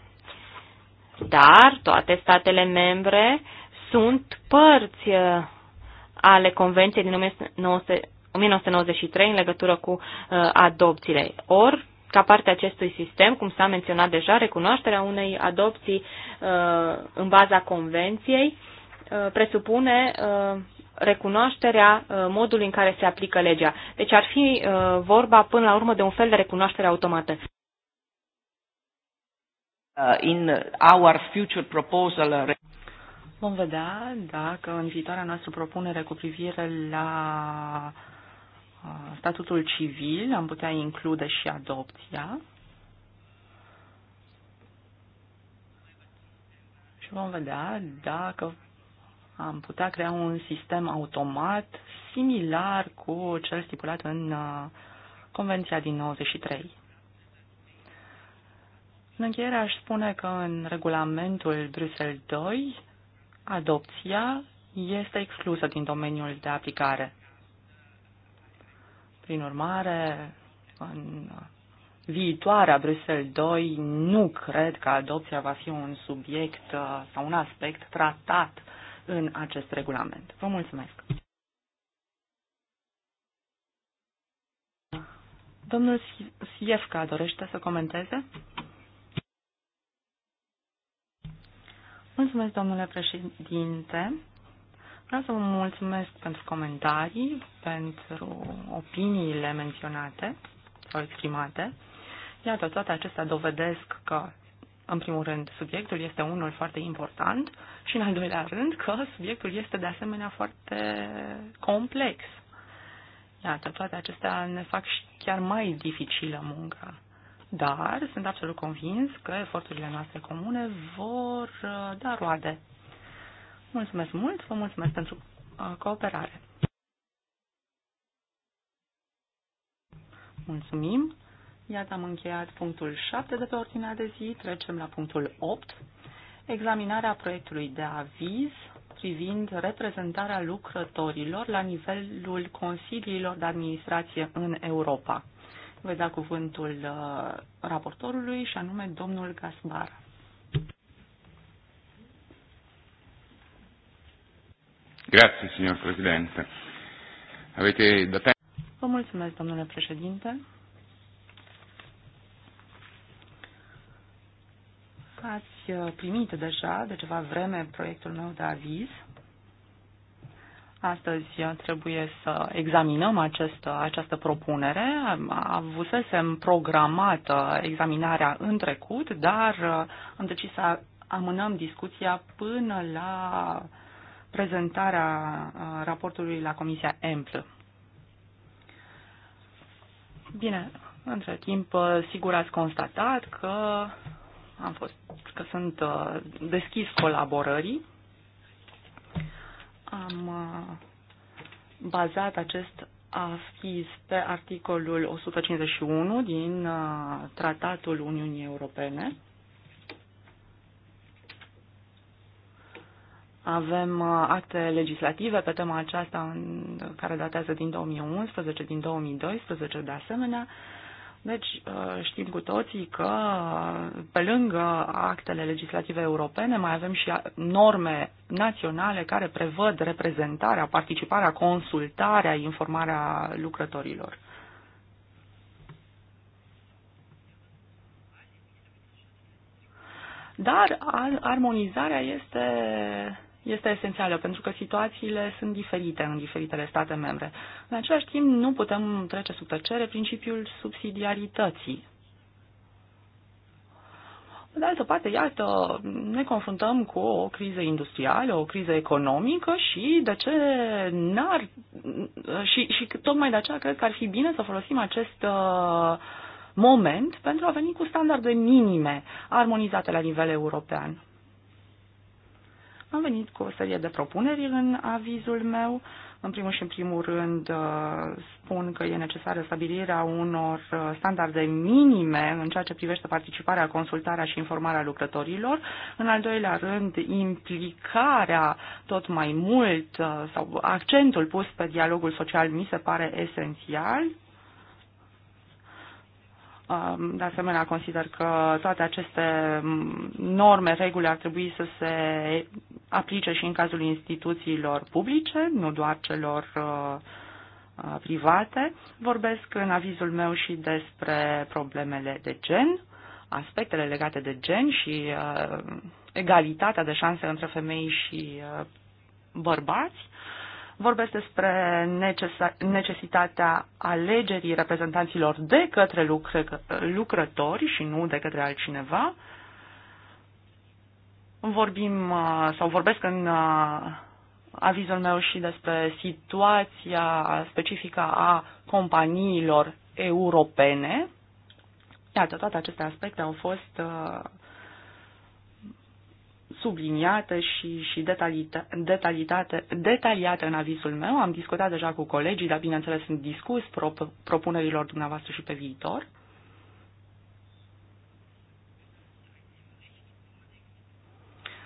Dar toate statele membre sunt părți uh, ale Convenției din 1993 în legătură cu uh, adopțiile. Ori, ca parte a acestui sistem, cum s-a menționat deja, recunoașterea unei adopții uh, în baza Convenției presupune recunoașterea uh, modului în care se aplică legea. Deci ar fi uh, vorba până la urmă de un fel de recunoaștere automată. Uh, in our future proposal... Vom vedea dacă în viitoarea noastră propunere cu privire la statutul civil am putea include și adopția. Și vom vedea dacă am putea crea un sistem automat similar cu cel stipulat în uh, Convenția din 93. În încheiere aș spune că în regulamentul Bruxelles 2 adopția este exclusă din domeniul de aplicare. Prin urmare, în viitoarea Bruxelles 2 nu cred că adopția va fi un subiect uh, sau un aspect tratat în acest regulament. Vă mulțumesc! Domnul Siefka dorește să comenteze? Mulțumesc, domnule președinte. Vreau să vă mulțumesc pentru comentarii, pentru opiniile menționate sau exprimate. Iată, toate acestea dovedesc că în primul rând, subiectul este unul foarte important și, în al doilea rând, că subiectul este de asemenea foarte complex. Iată, toate acestea ne fac chiar mai dificilă munca. Dar sunt absolut convins că eforturile noastre comune vor uh, da roade. Mulțumesc mult, vă mulțumesc pentru uh, cooperare. Mulțumim. Iată, am încheiat punctul 7 de pe ordinea de zi. Trecem la punctul 8. Examinarea proiectului de aviz privind reprezentarea lucrătorilor la nivelul consiliilor de administrație în Europa. Vă da cuvântul uh, raportorului și anume domnul Gaspar. Grazie, signor Presidente. Avete da Vă mulțumesc, domnule președinte. Ați uh, primit deja de ceva vreme proiectul meu de aviz. Astăzi uh, trebuie să examinăm acest, uh, această propunere. Avusesem programată examinarea în trecut, dar am decis să amânăm discuția până la prezentarea raportului la Comisia EMPL. Bine, între timp, sigur ați constatat că am fost, că sunt uh, deschis colaborării. Am uh, bazat acest afiz pe articolul 151 din uh, Tratatul Uniunii Europene. Avem acte legislative pe tema aceasta în, care datează din 2011, din 2012 de asemenea. Uh, deci uh, știm cu toții că pe lângă actele legislative europene mai avem și norme naționale care prevăd reprezentarea, participarea, consultarea, informarea lucrătorilor. Dar armonizarea este este esențială, pentru că situațiile sunt diferite în diferitele state membre. În același timp, nu putem trece sub tăcere principiul subsidiarității. de altă parte, iată, ne confruntăm cu o criză industrială, o criză economică și de ce n-ar... Și, și tocmai de aceea cred că ar fi bine să folosim acest uh, moment pentru a veni cu standarde minime armonizate la nivel european. Am venit cu o serie de propuneri în avizul meu. În primul și în primul rând uh, spun că e necesară stabilirea unor uh, standarde minime în ceea ce privește participarea, consultarea și informarea lucrătorilor. În al doilea rând, implicarea tot mai mult uh, sau accentul pus pe dialogul social mi se pare esențial de asemenea, consider că toate aceste norme, reguli ar trebui să se aplice și în cazul instituțiilor publice, nu doar celor uh, uh, private. Vorbesc în avizul meu și despre problemele de gen, aspectele legate de gen și uh, egalitatea de șanse între femei și bărbați vorbesc despre necesitatea alegerii reprezentanților de către lucră, lucrători și nu de către altcineva. Vorbim uh, sau vorbesc în uh, avizul meu și despre situația specifică a companiilor europene. Iată, toate aceste aspecte au fost uh, subliniată și, și detalita, detalitate, detaliată în avizul meu. Am discutat deja cu colegii, dar bineînțeles sunt discurs pro, propunerilor dumneavoastră și pe viitor.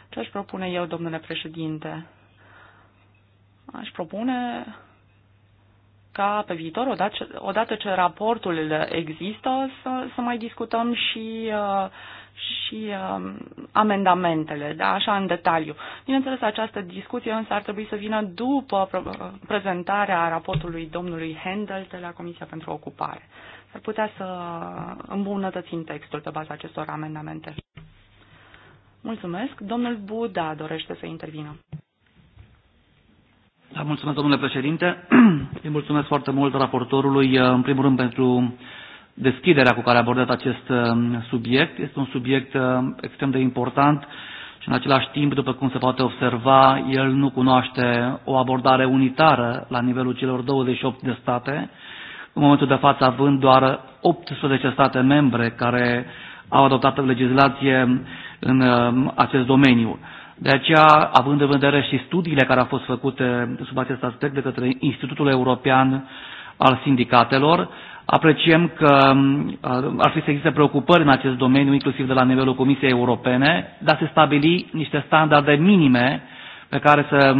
Ce aș propune eu, domnule președinte? Aș propune ca pe viitor, odată, odată ce raportul există, să, să mai discutăm și, uh, și um, amendamentele, da, așa în detaliu. Bineînțeles, această discuție însă ar trebui să vină după prezentarea raportului domnului Handel de la Comisia pentru Ocupare. S-ar putea să îmbunătățim textul pe baza acestor amendamente. Mulțumesc. Domnul Buda dorește să intervină. Da, mulțumesc, domnule președinte. *clears throat* Îi mulțumesc foarte mult raportorului, uh, în primul rând, pentru deschiderea cu care a abordat acest um, subiect. Este un subiect uh, extrem de important și, în același timp, după cum se poate observa, el nu cunoaște o abordare unitară la nivelul celor 28 de state, în momentul de față având doar 18 state membre care au adoptat legislație în um, acest domeniu. De aceea, având în vedere și studiile care au fost făcute sub acest aspect de către Institutul European al Sindicatelor, apreciem că uh, ar fi să existe preocupări în acest domeniu, inclusiv de la nivelul Comisiei Europene, de a se stabili niște standarde minime pe care să,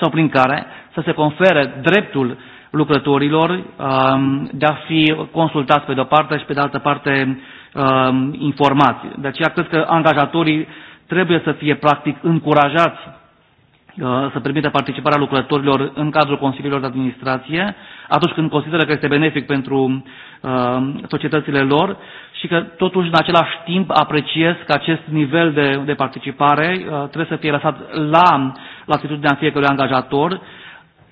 sau prin care să se confere dreptul lucrătorilor um, de a fi consultați pe de-o parte și pe de altă parte um, informați. De aceea cred că angajatorii trebuie să fie practic încurajați uh, să permită participarea lucrătorilor în cadrul Consiliilor de Administrație, atunci când consideră că este benefic pentru uh, societățile lor și că totuși în același timp apreciez că acest nivel de, de participare uh, trebuie să fie lăsat la latitudinea fiecărui angajator,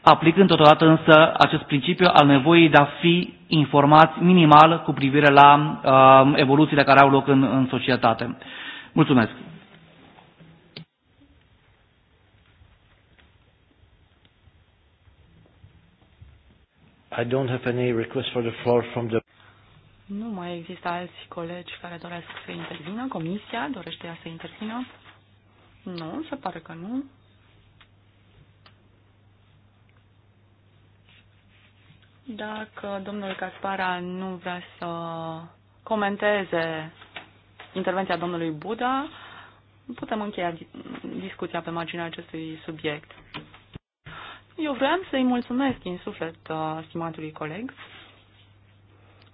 aplicând totodată însă acest principiu al nevoii de a fi informați minimal cu privire la evoluțiile care au loc în, în societate. Mulțumesc! I don't have any request for the floor from the... Nu mai există alți colegi care doresc să intervină. Comisia dorește ea să intervină? Nu, se pare că nu. Dacă domnul Caspara nu vrea să comenteze intervenția domnului Buda, putem încheia discuția pe marginea acestui subiect. Eu vreau să-i mulțumesc din suflet, uh, stimatului coleg,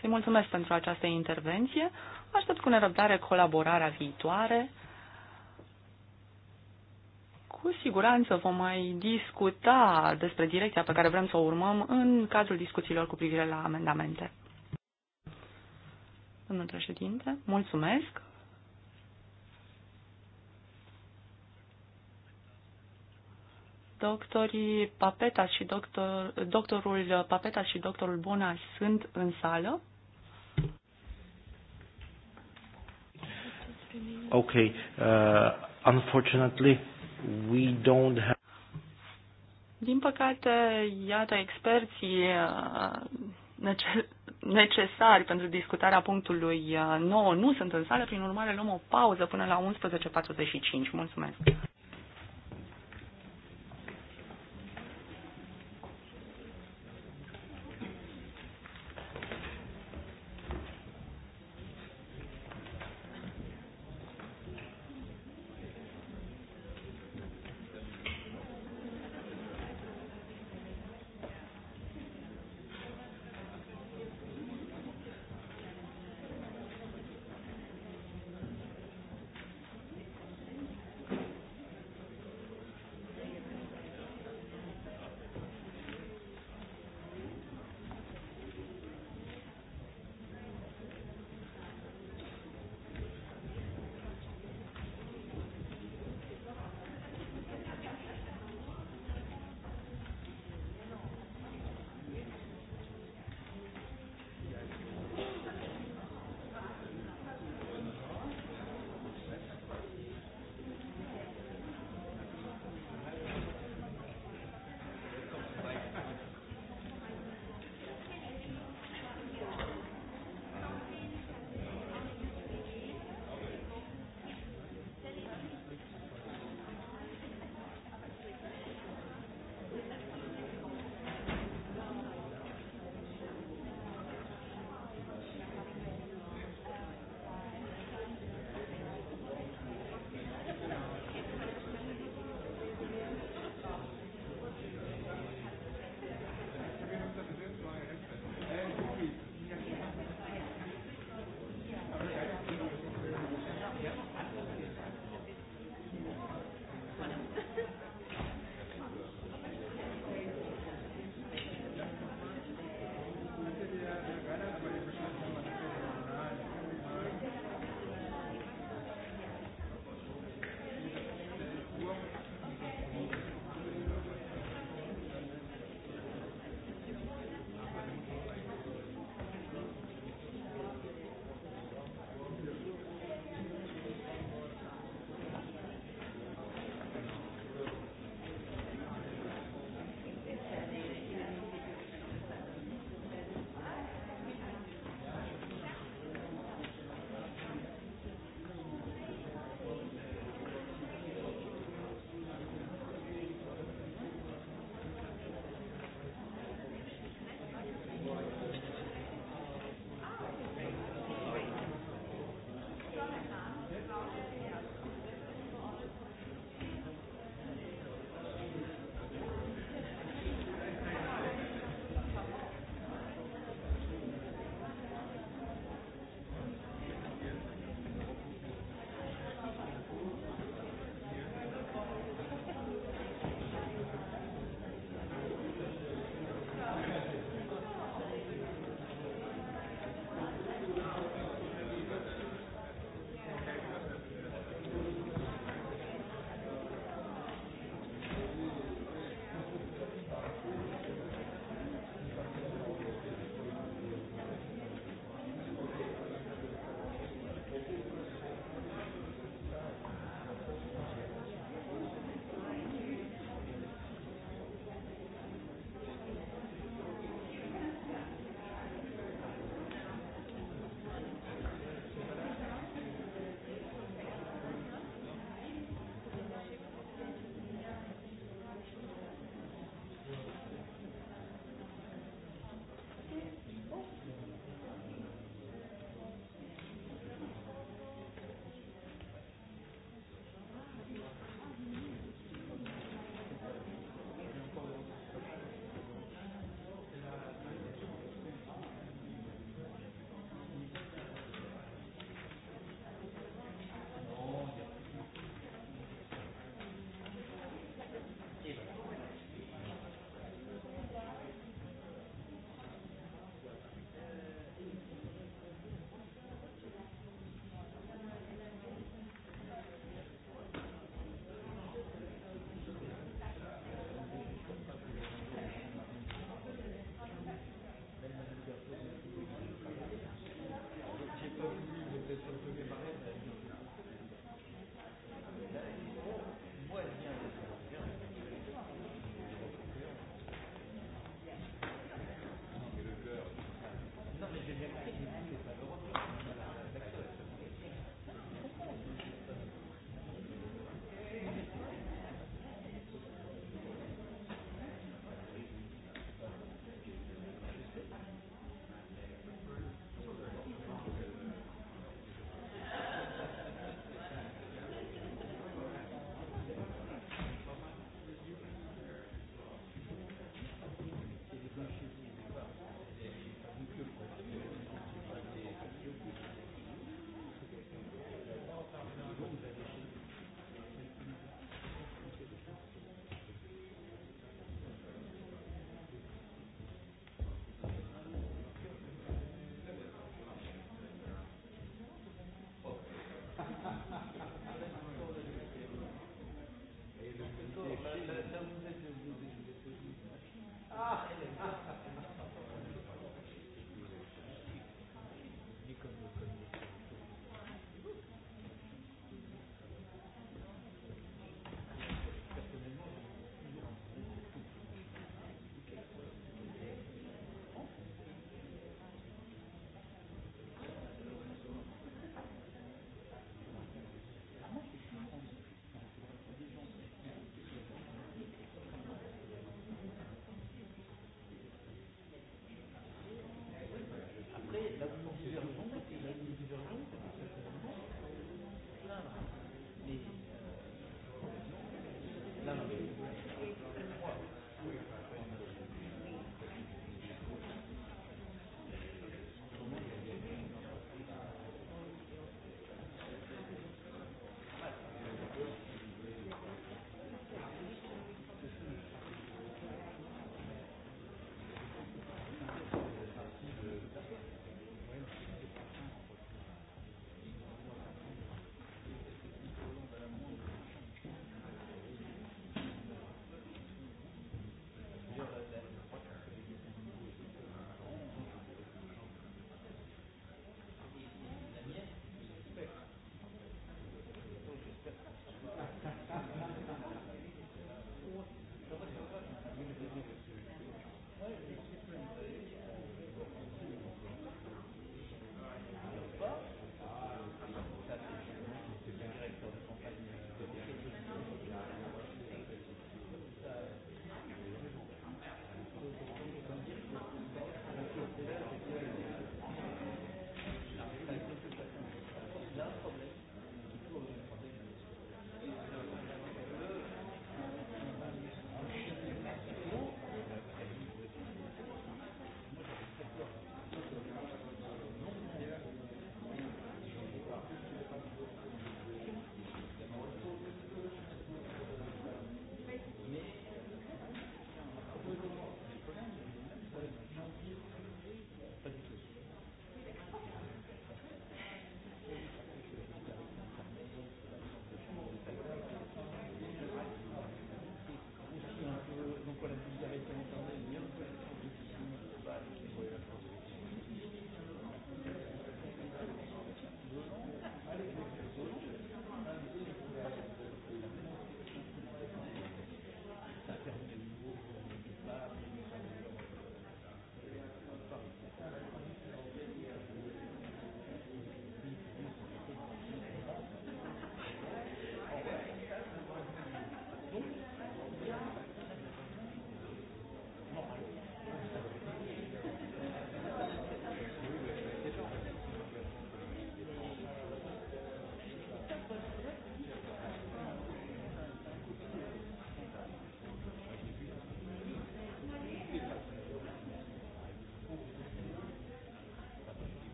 să-i mulțumesc pentru această intervenție. Aștept cu nerăbdare colaborarea viitoare. Cu siguranță vom mai discuta despre direcția pe care vrem să o urmăm în cadrul discuțiilor cu privire la amendamente. Domnul președinte, mulțumesc. Doctorii Papeta și doctor, doctorul Papeta și doctorul Bona sunt în sală. Okay, uh, unfortunately we don't have din păcate, iată, experții uh, necesari pentru discutarea punctului 9 uh, nu sunt în sală, prin urmare luăm o pauză până la 11.45. Mulțumesc!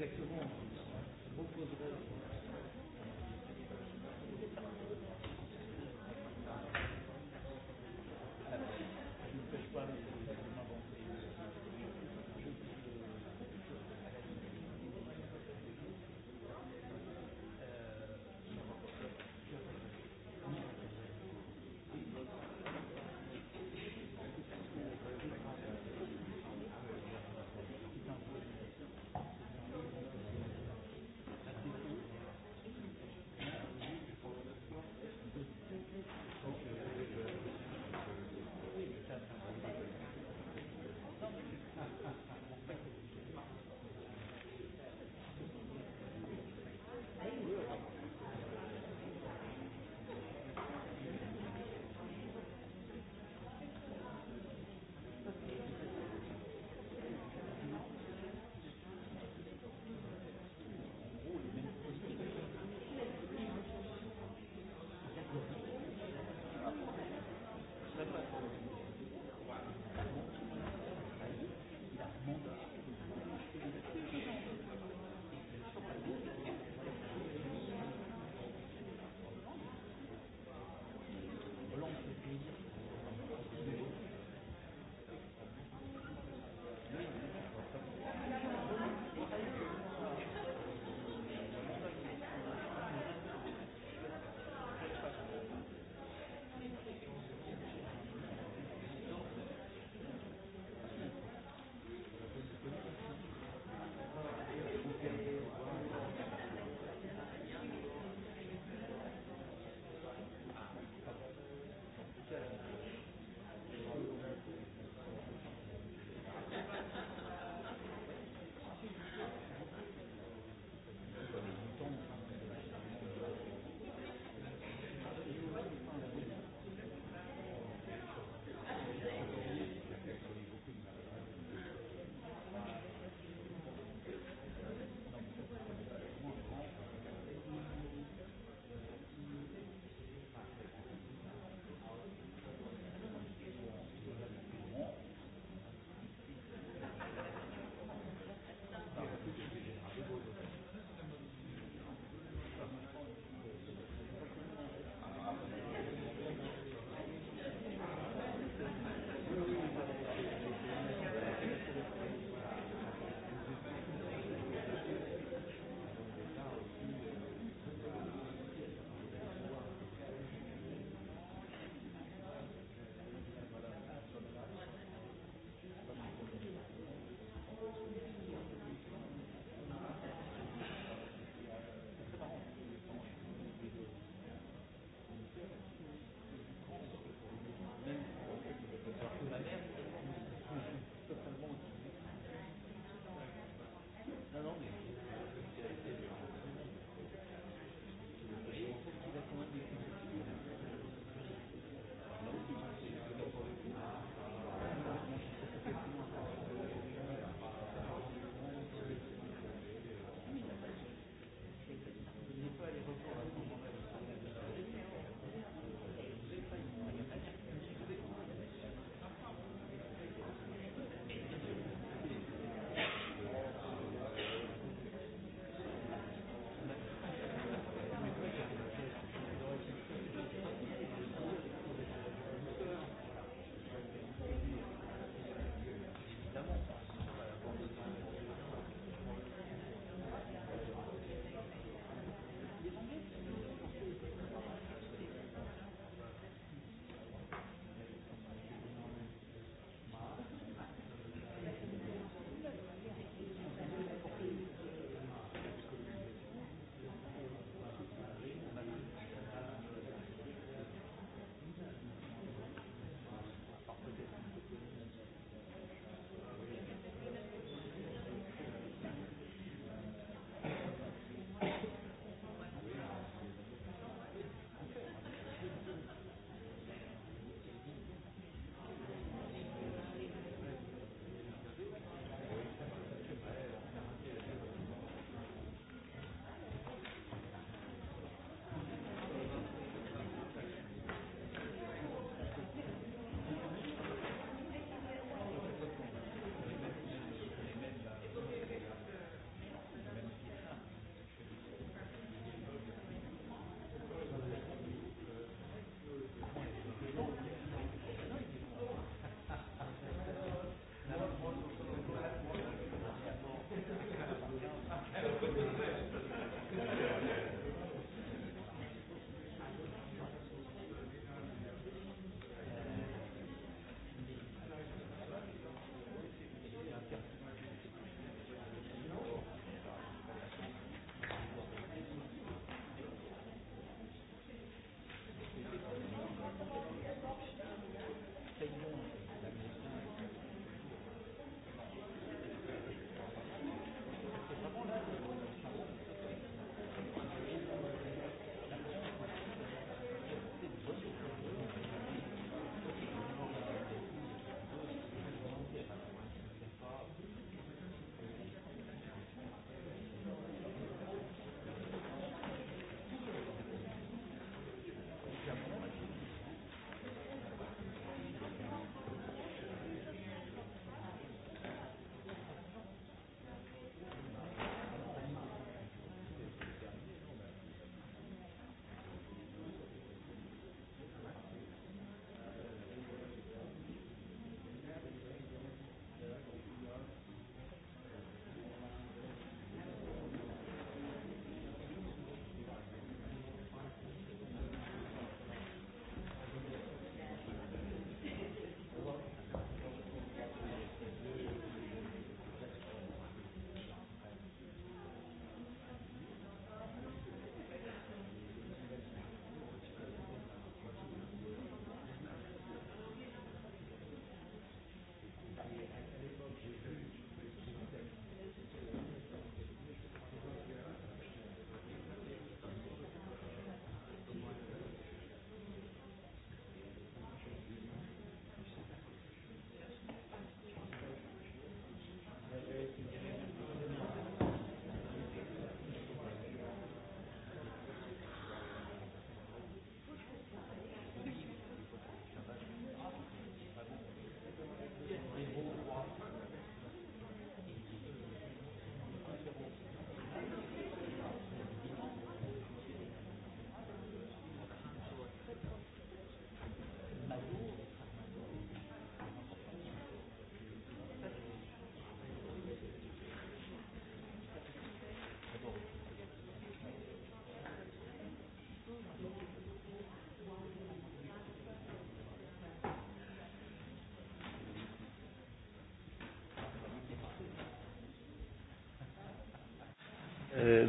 exactement. Je vous poserai.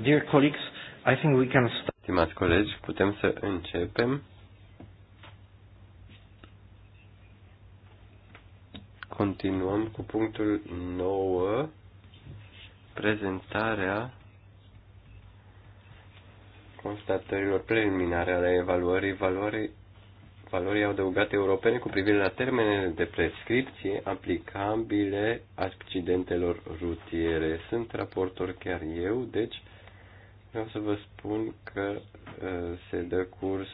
dear colleagues, I think we can start. Stimați colegi, putem să începem. Continuăm cu punctul 9, prezentarea constatărilor preliminare ale evaluării valorii, valorii adăugate europene cu privire la termenele de prescripție aplicabile accidentelor rutiere. Sunt raportor chiar eu, deci Vreau să vă spun că se dă curs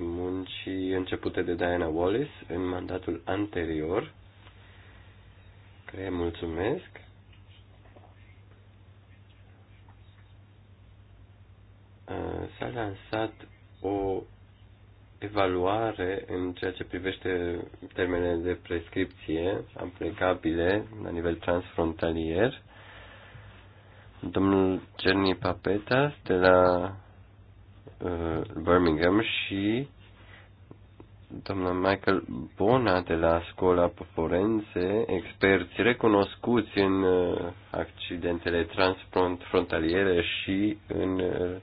muncii începute de Diana Wallace în mandatul anterior, care mulțumesc. S-a lansat o evaluare în ceea ce privește termenele de prescripție aplicabile la nivel transfrontalier domnul Cerny Papeta de la uh, Birmingham și domnul Michael Bona de la Scola Forense, experți recunoscuți în uh, accidentele transfrontaliere și în uh,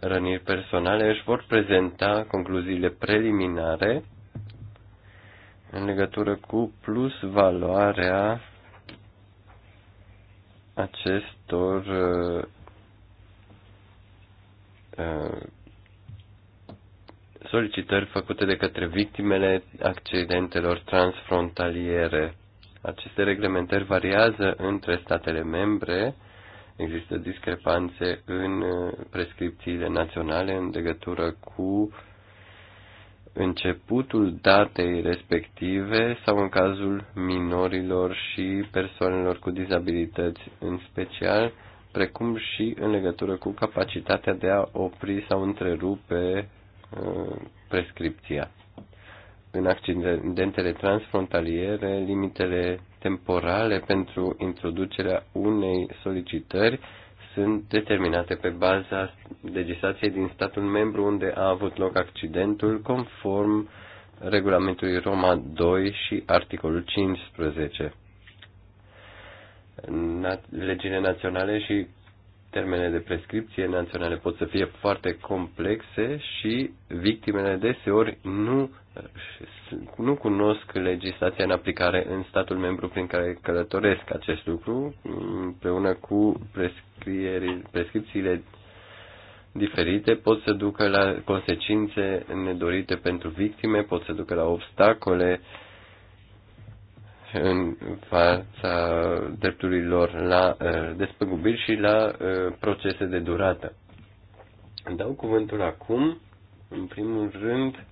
răniri personale, își vor prezenta concluziile preliminare în legătură cu plus valoarea acestor uh, uh, solicitări făcute de către victimele accidentelor transfrontaliere. Aceste reglementări variază între statele membre, există discrepanțe în uh, prescripțiile naționale în legătură cu începutul datei respective sau în cazul minorilor și persoanelor cu dizabilități în special, precum și în legătură cu capacitatea de a opri sau întrerupe uh, prescripția. În accidentele transfrontaliere, limitele temporale pentru introducerea unei solicitări sunt determinate pe baza legislației din statul membru unde a avut loc accidentul, conform regulamentului Roma 2 și articolul 15. Legile naționale și termene de prescripție naționale pot să fie foarte complexe și victimele deseori nu, nu cunosc legislația în aplicare în statul membru prin care călătoresc acest lucru, împreună cu prescripțiile diferite pot să ducă la consecințe nedorite pentru victime, pot să ducă la obstacole în fața drepturilor la uh, despăgubiri și la uh, procese de durată. Dau cuvântul acum, în primul rând,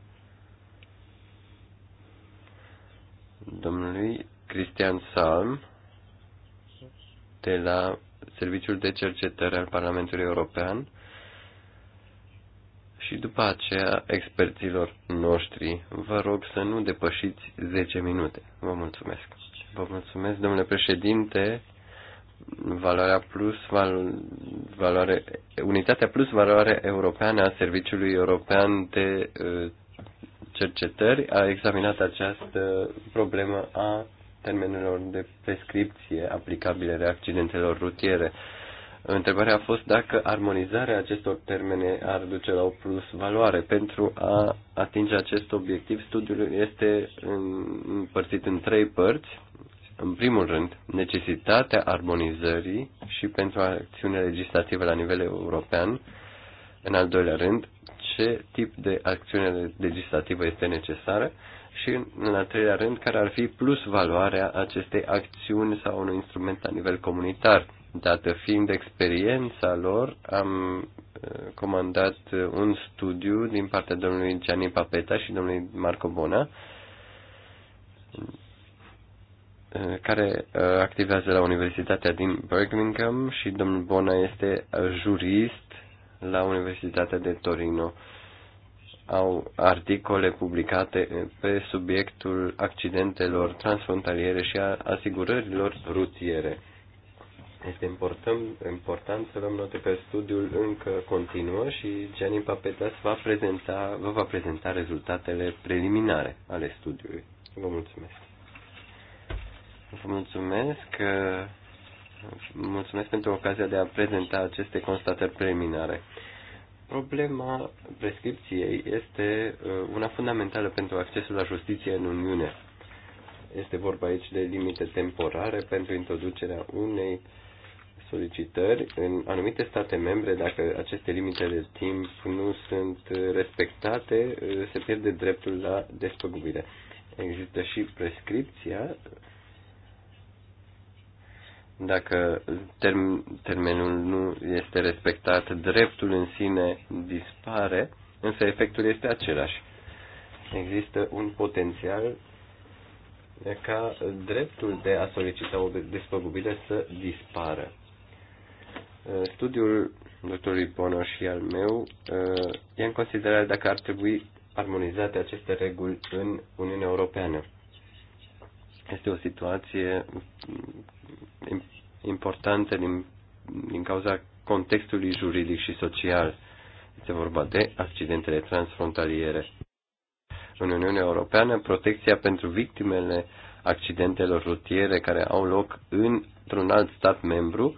domnului Cristian Salm de la Serviciul de Cercetare al Parlamentului European și după aceea experților noștri. Vă rog să nu depășiți 10 minute. Vă mulțumesc. Vă mulțumesc, domnule președinte. Valoarea plus, val, valoare, unitatea plus valoare europeană a Serviciului European de uh, Cercetări a examinat această problemă a termenelor de prescripție aplicabile reaccidentelor rutiere. Întrebarea a fost dacă armonizarea acestor termene ar duce la o plus valoare. Pentru a atinge acest obiectiv, studiul este împărțit în trei părți. În primul rând, necesitatea armonizării și pentru acțiune legislativă la nivel european. În al doilea rând, ce tip de acțiune legislativă este necesară și, în al treilea rând, care ar fi plus valoarea acestei acțiuni sau unui instrument la nivel comunitar Dată fiind experiența lor, am uh, comandat uh, un studiu din partea domnului Gianni Papeta și domnului Marco Bona, uh, care activează la Universitatea din Birmingham și domnul Bona este jurist la Universitatea de Torino. Au articole publicate pe subiectul accidentelor transfrontaliere și a asigurărilor rutiere. Este important, important să luăm note că studiul încă continuă și Gianni Papetas va prezenta, vă va prezenta rezultatele preliminare ale studiului. Vă mulțumesc. Vă mulțumesc că uh, mulțumesc pentru ocazia de a prezenta aceste constatări preliminare. Problema prescripției este uh, una fundamentală pentru accesul la justiție în Uniune. Este vorba aici de limite temporare pentru introducerea unei uh, solicitări în anumite state membre, dacă aceste limite de timp nu sunt respectate, eh, se pierde dreptul la despăgubire. Există și prescripția dacă term- termenul nu este respectat, dreptul în sine dispare, însă efectul este același. Există un potențial ca dreptul de a solicita o despăgubire să dispară. Uh, studiul doctorului Bono și al meu uh, e în considerare dacă ar trebui armonizate aceste reguli în Uniunea Europeană. Este o situație importantă din, din cauza contextului juridic și social. Este vorba de accidentele transfrontaliere. În Uniunea Europeană, protecția pentru victimele accidentelor rutiere care au loc într-un alt stat membru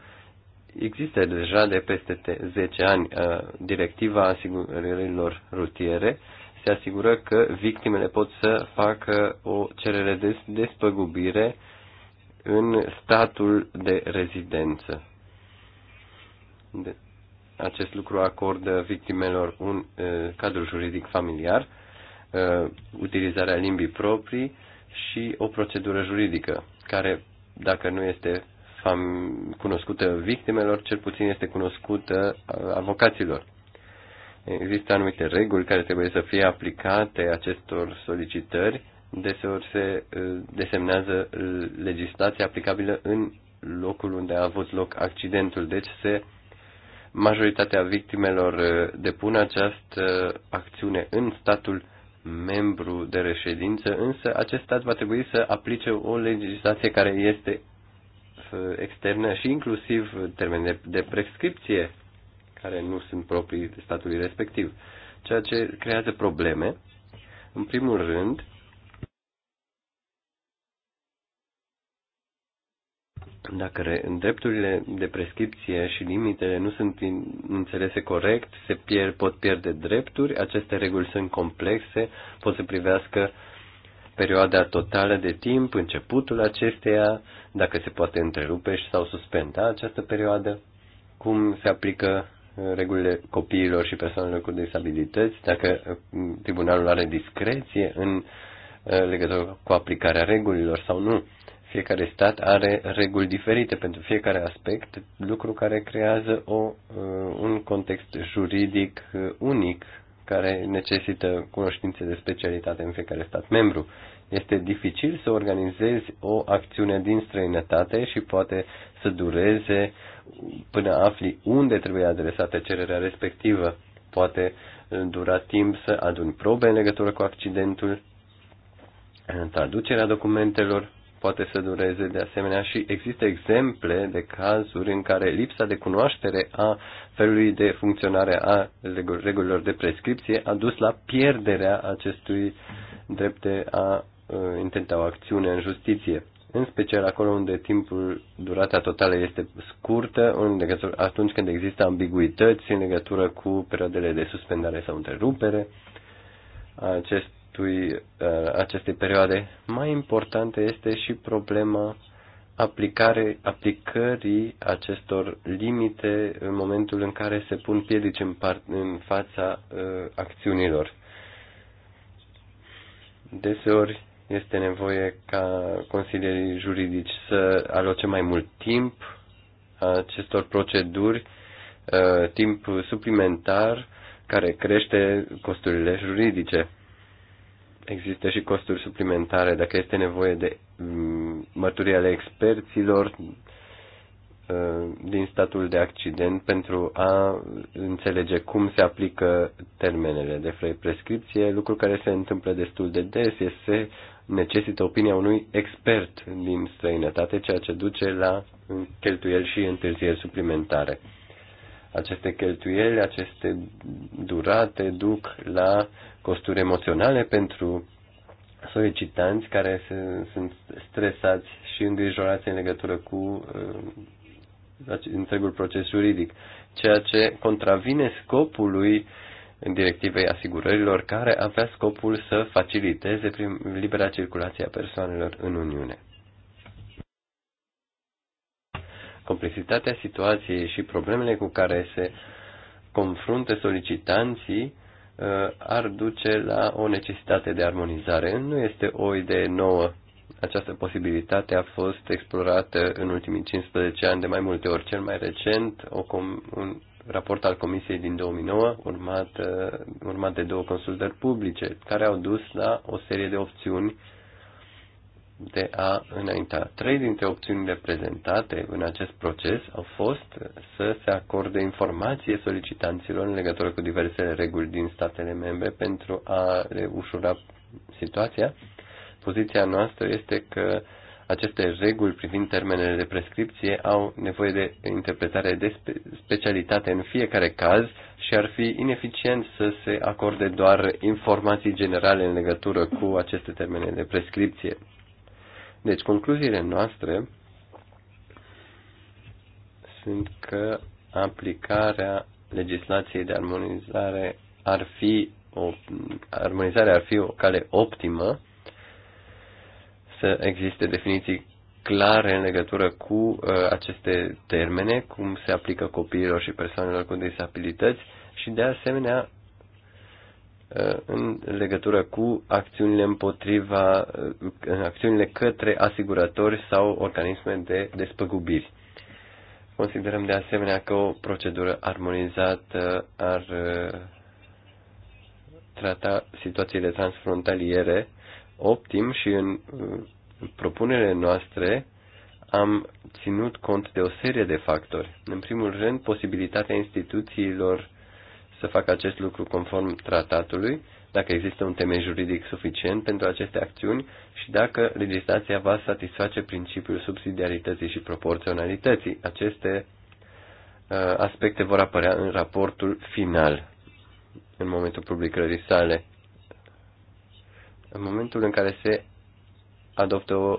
Există deja de peste 10 ani uh, directiva asigurărilor rutiere. Se asigură că victimele pot să facă o cerere de despăgubire în statul de rezidență. De, acest lucru acordă victimelor un uh, cadru juridic familiar, uh, utilizarea limbii proprii și o procedură juridică care, dacă nu este fam- cunoscută victimelor, cel puțin este cunoscută uh, avocaților. Există anumite reguli care trebuie să fie aplicate acestor solicitări. Deseori se uh, desemnează uh, legislația aplicabilă în locul unde a avut loc accidentul. Deci se majoritatea victimelor depun această acțiune în statul membru de reședință, însă acest stat va trebui să aplice o legislație care este Eh, externe și inclusiv termeni de prescripție care nu sunt proprii statului respectiv, ceea ce creează probleme. În primul rând, dacă drepturile de prescripție și limitele nu sunt înțelese corect, se pierd, pot pierde drepturi, aceste reguli sunt complexe, pot să privească perioada totală de timp, începutul acesteia, dacă se poate întrerupe sau suspenda această perioadă, cum se aplică uh, regulile copiilor și persoanelor cu disabilități, dacă uh, tribunalul are discreție în uh, legătură cu aplicarea regulilor sau nu. Fiecare stat are reguli diferite pentru fiecare aspect, lucru care creează o, un context juridic unic care necesită cunoștințe de specialitate în fiecare stat membru. Este dificil să organizezi o acțiune din străinătate și poate să dureze până afli unde trebuie adresată cererea respectivă. Poate uh, dura timp să aduni probe în legătură cu accidentul, traducerea documentelor poate să dureze de asemenea și există exemple de cazuri în care lipsa de cunoaștere a felului de funcționare a regulilor de prescripție a dus la pierderea acestui drept de a uh, intenta o acțiune în justiție în special acolo unde timpul, durata totală este scurtă, în legătură, atunci când există ambiguități în legătură cu perioadele de suspendare sau întrerupere. Acest acestui, uh, acestei perioade. Mai importantă este și problema aplicare, aplicării acestor limite în momentul în care se pun piedici în, part, în fața uh, acțiunilor. Deseori este nevoie ca consilierii juridici să aloce mai mult timp acestor proceduri, uh, timp suplimentar care crește costurile juridice există și costuri suplimentare. Dacă este nevoie de mm, mărturii ale experților uh, din statul de accident pentru a înțelege cum se aplică termenele de prescripție, lucru care se întâmplă destul de des, este necesită opinia unui expert din străinătate, ceea ce duce la cheltuieli și întârzieri suplimentare. Aceste cheltuieli, aceste durate duc la costuri emoționale pentru solicitanți care se, sunt stresați și îngrijorați în legătură cu uh, întregul proces juridic, ceea ce contravine scopului în directivei asigurărilor care avea scopul să faciliteze prin libera circulație a persoanelor în Uniune. Complexitatea situației și problemele cu care se confruntă solicitanții uh, ar duce la o necesitate de armonizare. Nu este o idee nouă. Această posibilitate a fost explorată în ultimii 15 ani de mai multe ori. Cel mai recent, o com- un raport al Comisiei din 2009, urmat, uh, urmat de două consultări publice, care au dus la o serie de opțiuni de a înainta. Trei dintre opțiunile prezentate în acest proces au fost să se acorde informație solicitanților în legătură cu diversele reguli din statele membre pentru a le ușura situația. Poziția noastră este că aceste reguli privind termenele de prescripție au nevoie de interpretare de specialitate în fiecare caz și ar fi ineficient să se acorde doar informații generale în legătură cu aceste termene de prescripție. Deci, concluziile noastre sunt că aplicarea legislației de armonizare ar fi o, armonizarea ar fi o cale optimă să existe definiții clare în legătură cu uh, aceste termene, cum se aplică copiilor și persoanelor cu disabilități și de asemenea Uh, în legătură cu acțiunile împotriva, uh, acțiunile către asigurători sau organisme de despăgubiri. Considerăm de asemenea că o procedură armonizată ar uh, trata situațiile transfrontaliere optim și în propunerile noastre am ținut cont de o serie de factori. În primul rând, posibilitatea instituțiilor să facă acest lucru conform tratatului, dacă există un temei juridic suficient pentru aceste acțiuni și dacă legislația va satisface principiul subsidiarității și proporționalității. Aceste uh, aspecte vor apărea în raportul final, în momentul publicării sale. În momentul în care se adoptă o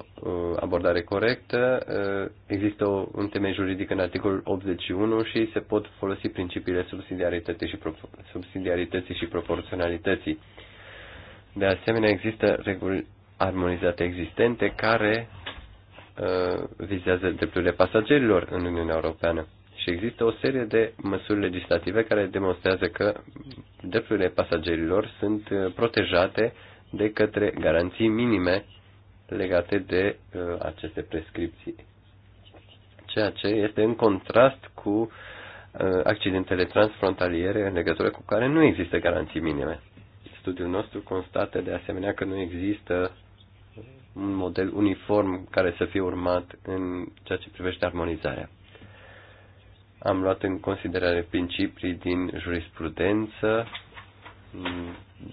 abordare corectă, există o, un temei juridic în articolul 81 și se pot folosi principiile subsidiarității și, subsidiarității și proporționalității. De asemenea, există reguli armonizate existente care uh, vizează drepturile pasagerilor în Uniunea Europeană. Și există o serie de măsuri legislative care demonstrează că drepturile pasagerilor sunt protejate de către garanții minime legate de uh, aceste prescripții, ceea ce este în contrast cu uh, accidentele transfrontaliere în legătură cu care nu există garanții minime. Studiul nostru constată de asemenea că nu există un model uniform care să fie urmat în ceea ce privește armonizarea. Am luat în considerare principii din jurisprudență,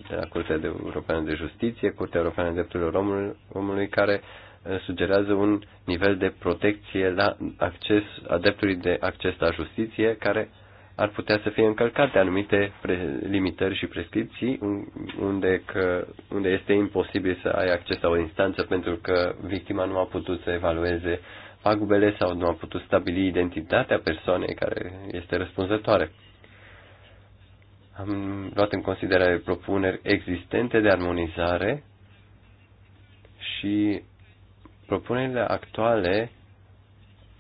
de la Curtea de Europeană de Justiție, Curtea Europeană de Drepturilor Omului, omului care eh, sugerează un nivel de protecție la acces, a dreptului de acces la justiție care ar putea să fie încălcate anumite limitări și prescripții unde, că, unde este imposibil să ai acces la o instanță pentru că victima nu a putut să evalueze pagubele sau nu a putut stabili identitatea persoanei care este răspunzătoare. Am luat în considerare propuneri existente de armonizare și propunerile actuale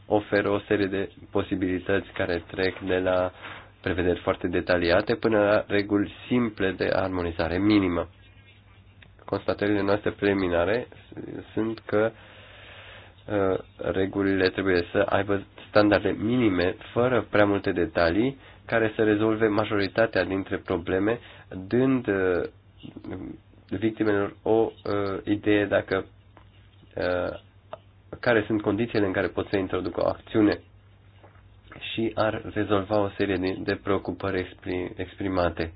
oferă o serie de posibilități care trec de la prevederi foarte detaliate până la reguli simple de armonizare minimă. Constatările noastre preliminare sunt că uh, regulile trebuie să aibă standarde minime fără prea multe detalii care să rezolve majoritatea dintre probleme, dând uh, victimelor o uh, idee dacă uh, care sunt condițiile în care pot să introducă o acțiune și ar rezolva o serie de preocupări exprimate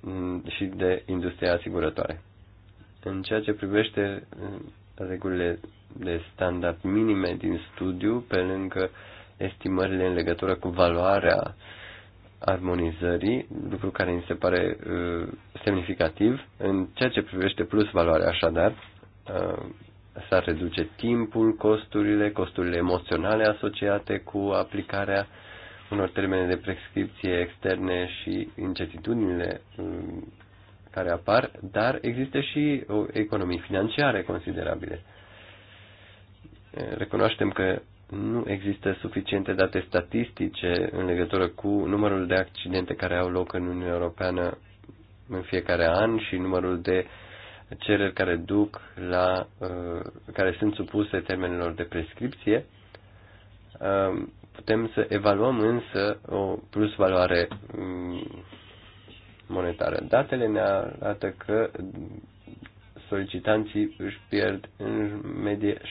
mm, și de industria asigurătoare. În ceea ce privește regulile de standard minime din studiu, pe lângă uh, estimările în legătură cu valoarea armonizării, lucru care mi se pare uh, semnificativ. În ceea ce privește plus valoarea, așadar, uh, s-ar reduce timpul, costurile, costurile emoționale asociate cu aplicarea unor termene de prescripție externe și incertitudinile uh, care apar, dar există și o economii financiare considerabile. Uh, recunoaștem că nu există suficiente date statistice în legătură cu numărul de accidente care au loc în Uniunea Europeană în fiecare an și numărul de cereri care duc la uh, care sunt supuse termenelor de prescripție. Uh, putem să evaluăm însă o plus valoare um, monetară. Datele ne arată că solicitanții își pierd în medie 60.000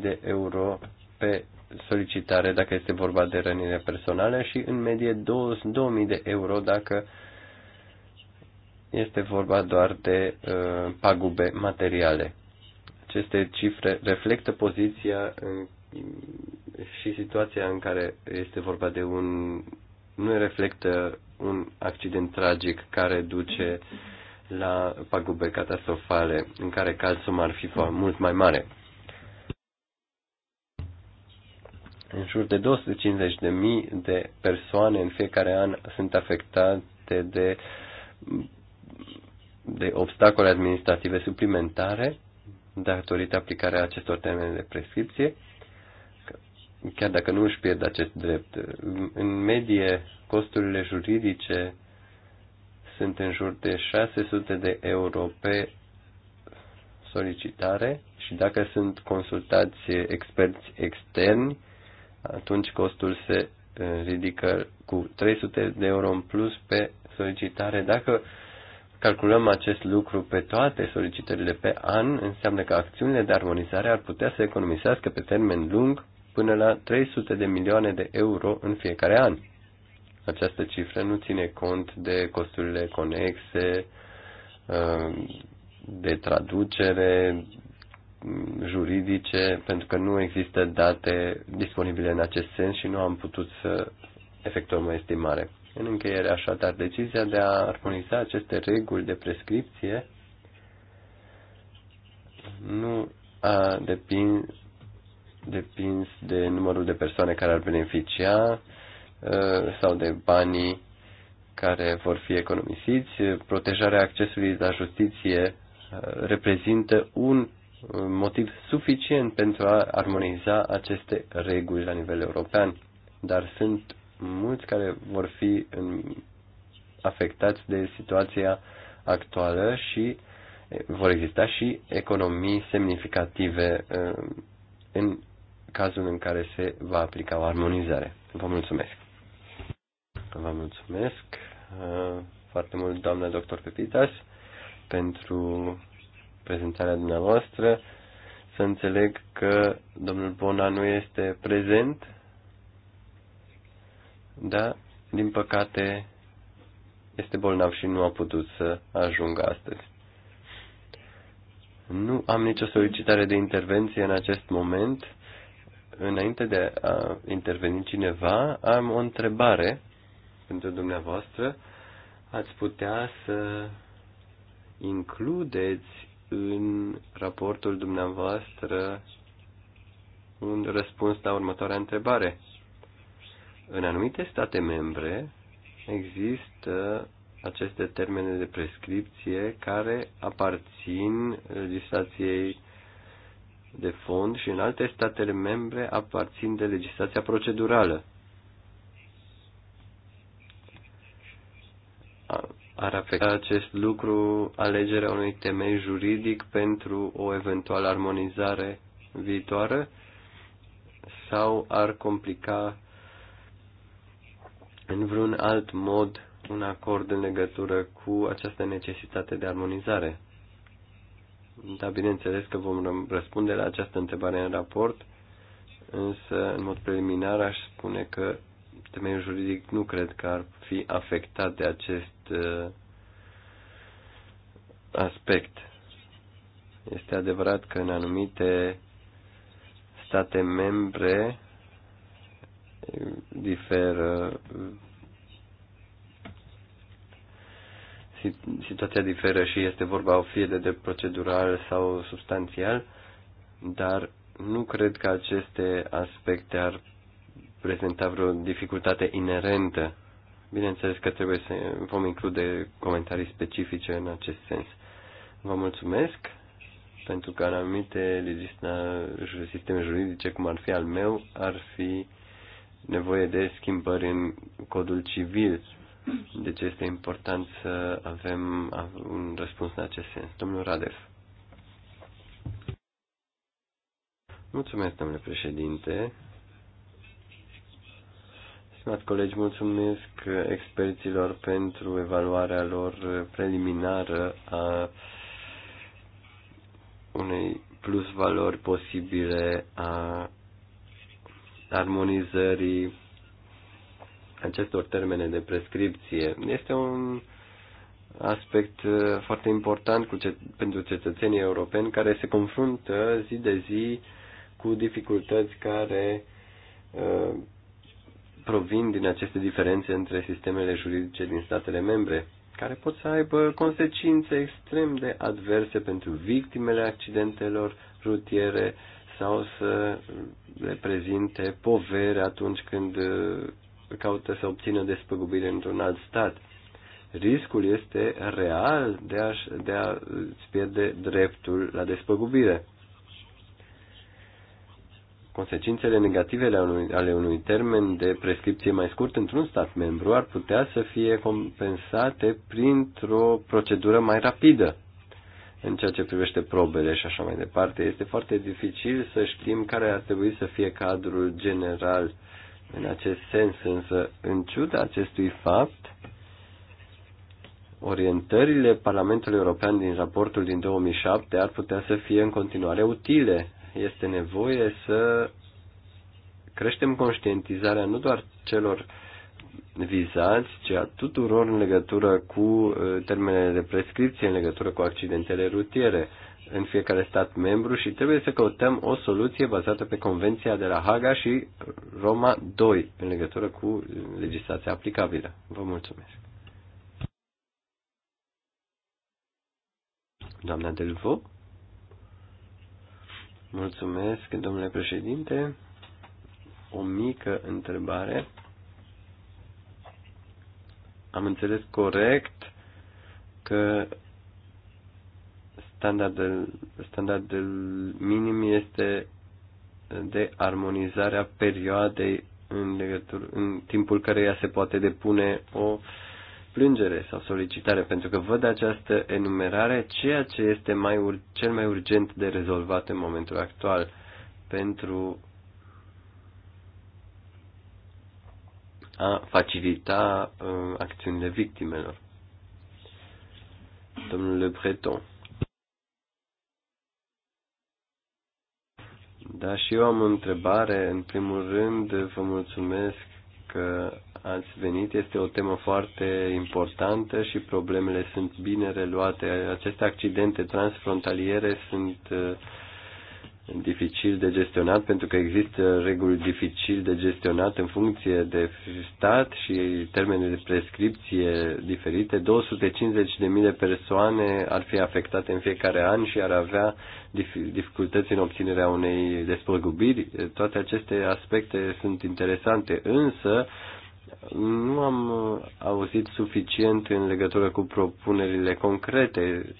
de euro pe solicitare dacă este vorba de rănire personală și în medie 2000 de euro dacă este vorba doar de uh, pagube materiale. Aceste cifre reflectă poziția în, și situația în care este vorba de un. nu reflectă un accident tragic care duce la pagube catastrofale, în care caz ar fi mult mai mare. În jur de 250.000 de persoane în fiecare an sunt afectate de, de obstacole administrative suplimentare datorită aplicarea acestor termene de prescripție, chiar dacă nu își pierd acest drept. În medie, costurile juridice sunt în jur de 600 de euro pe solicitare și dacă sunt consultați experți externi, atunci costul se eh, ridică cu 300 de euro în plus pe solicitare. Dacă calculăm acest lucru pe toate solicitările pe an, înseamnă că acțiunile de armonizare ar putea să economisească pe termen lung până la 300 de milioane de euro în fiecare an. Această cifră nu ține cont de costurile conexe, eh, de traducere, juridice, pentru că nu există date disponibile în acest sens și nu am putut să efectuăm o estimare. În încheiere, așadar, decizia de a armoniza aceste reguli de prescripție nu a depins, depins de numărul de persoane care ar beneficia uh, sau de banii care vor fi economisiți. Protejarea accesului la justiție uh, reprezintă un motiv suficient pentru a armoniza aceste reguli la nivel european, dar sunt mulți care vor fi afectați de situația actuală și vor exista și economii semnificative în cazul în care se va aplica o armonizare. Vă mulțumesc. Vă mulțumesc foarte mult, doamna doctor Pepitas, pentru prezentarea dumneavoastră. Să înțeleg că domnul Bona nu este prezent. Da, din păcate este bolnav și nu a putut să ajungă astăzi. Nu am nicio solicitare de intervenție în acest moment. Înainte de a interveni cineva, am o întrebare pentru dumneavoastră. Ați putea să includeți în raportul dumneavoastră un răspuns la următoarea întrebare. În anumite state membre există aceste termene de prescripție care aparțin legislației de fond și în alte statele membre aparțin de legislația procedurală ar afecta acest lucru alegerea unui temei juridic pentru o eventuală armonizare viitoare sau ar complica în vreun alt mod un acord în legătură cu această necesitate de armonizare. Da, bineînțeles că vom răspunde la această întrebare în raport, însă, în mod preliminar, aș spune că temeiul juridic nu cred că ar fi afectat de acest Uh, aspect. Este adevărat că în anumite state membre uh, diferă uh, situația diferă și este vorba fie de procedural sau substanțial, dar nu cred că aceste aspecte ar prezenta vreo dificultate inerentă Bineînțeles că trebuie să vom include comentarii specifice în acest sens. Vă mulțumesc pentru că în anumite sisteme juridice, cum ar fi al meu, ar fi nevoie de schimbări în codul civil. Deci este important să avem un răspuns în acest sens. Domnul Radev. Mulțumesc, domnule președinte. Stimați colegi, mulțumesc experților pentru evaluarea lor preliminară a unei plus valori posibile a armonizării acestor termene de prescripție. Este un aspect foarte important cu ce, pentru cetățenii europeni care se confruntă zi de zi cu dificultăți care uh, provin din aceste diferențe între sistemele juridice din statele membre, care pot să aibă consecințe extrem de adverse pentru victimele accidentelor rutiere sau să le prezinte povere atunci când uh, caută să obțină despăgubire într-un alt stat. Riscul este real de a, de a pierde dreptul la despăgubire. Consecințele negative ale unui termen de prescripție mai scurt într-un stat membru ar putea să fie compensate printr-o procedură mai rapidă în ceea ce privește probele și așa mai departe. Este foarte dificil să știm care ar trebui să fie cadrul general în acest sens, însă, în ciuda acestui fapt, orientările Parlamentului European din raportul din 2007 ar putea să fie în continuare utile este nevoie să creștem conștientizarea nu doar celor vizați, ci a tuturor în legătură cu uh, termenele de prescripție, în legătură cu accidentele rutiere în fiecare stat membru și trebuie să căutăm o soluție bazată pe Convenția de la Haga și Roma 2 în legătură cu uh, legislația aplicabilă. Vă mulțumesc. Doamna Delvaux? Mulțumesc, domnule președinte. O mică întrebare. Am înțeles corect că standardul, standardul minim este de armonizarea perioadei în, legătură, în timpul ea se poate depune o uh, plângere sau solicitare, pentru că văd această enumerare, ceea ce este mai ur- cel mai urgent de rezolvat în momentul actual pentru a facilita uh, acțiunile victimelor. Domnule Breton. Da, și eu am o întrebare. În primul rând, vă mulțumesc că ați venit. Este o temă foarte importantă și problemele sunt bine reluate. Aceste accidente transfrontaliere sunt uh, dificil de gestionat pentru că există reguli dificil de gestionat în funcție de stat și termene de prescripție diferite. 250.000 de persoane ar fi afectate în fiecare an și ar avea dificultăți în obținerea unei despăgubiri. Toate aceste aspecte sunt interesante, însă nu am auzit suficient în legătură cu propunerile concrete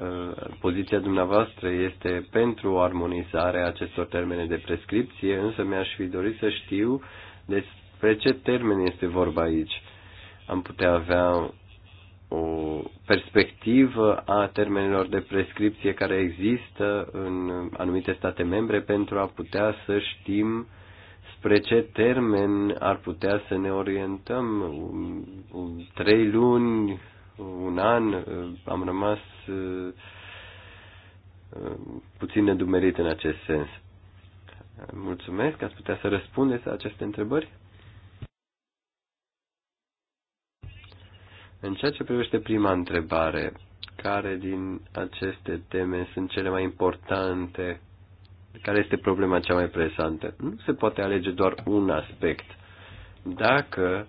Uh, poziția dumneavoastră este pentru armonizarea acestor termene de prescripție, însă mi-aș fi dorit să știu despre ce termen este vorba aici. Am putea avea o perspectivă a termenilor de prescripție care există în anumite state membre pentru a putea să știm spre ce termen ar putea să ne orientăm. Trei luni, un an uh, am rămas uh, uh, puțin nedumerit în acest sens. Mulțumesc, ați putea să răspundeți la aceste întrebări? În ceea ce privește prima întrebare, care din aceste teme sunt cele mai importante? Care este problema cea mai presantă? Nu se poate alege doar un aspect. Dacă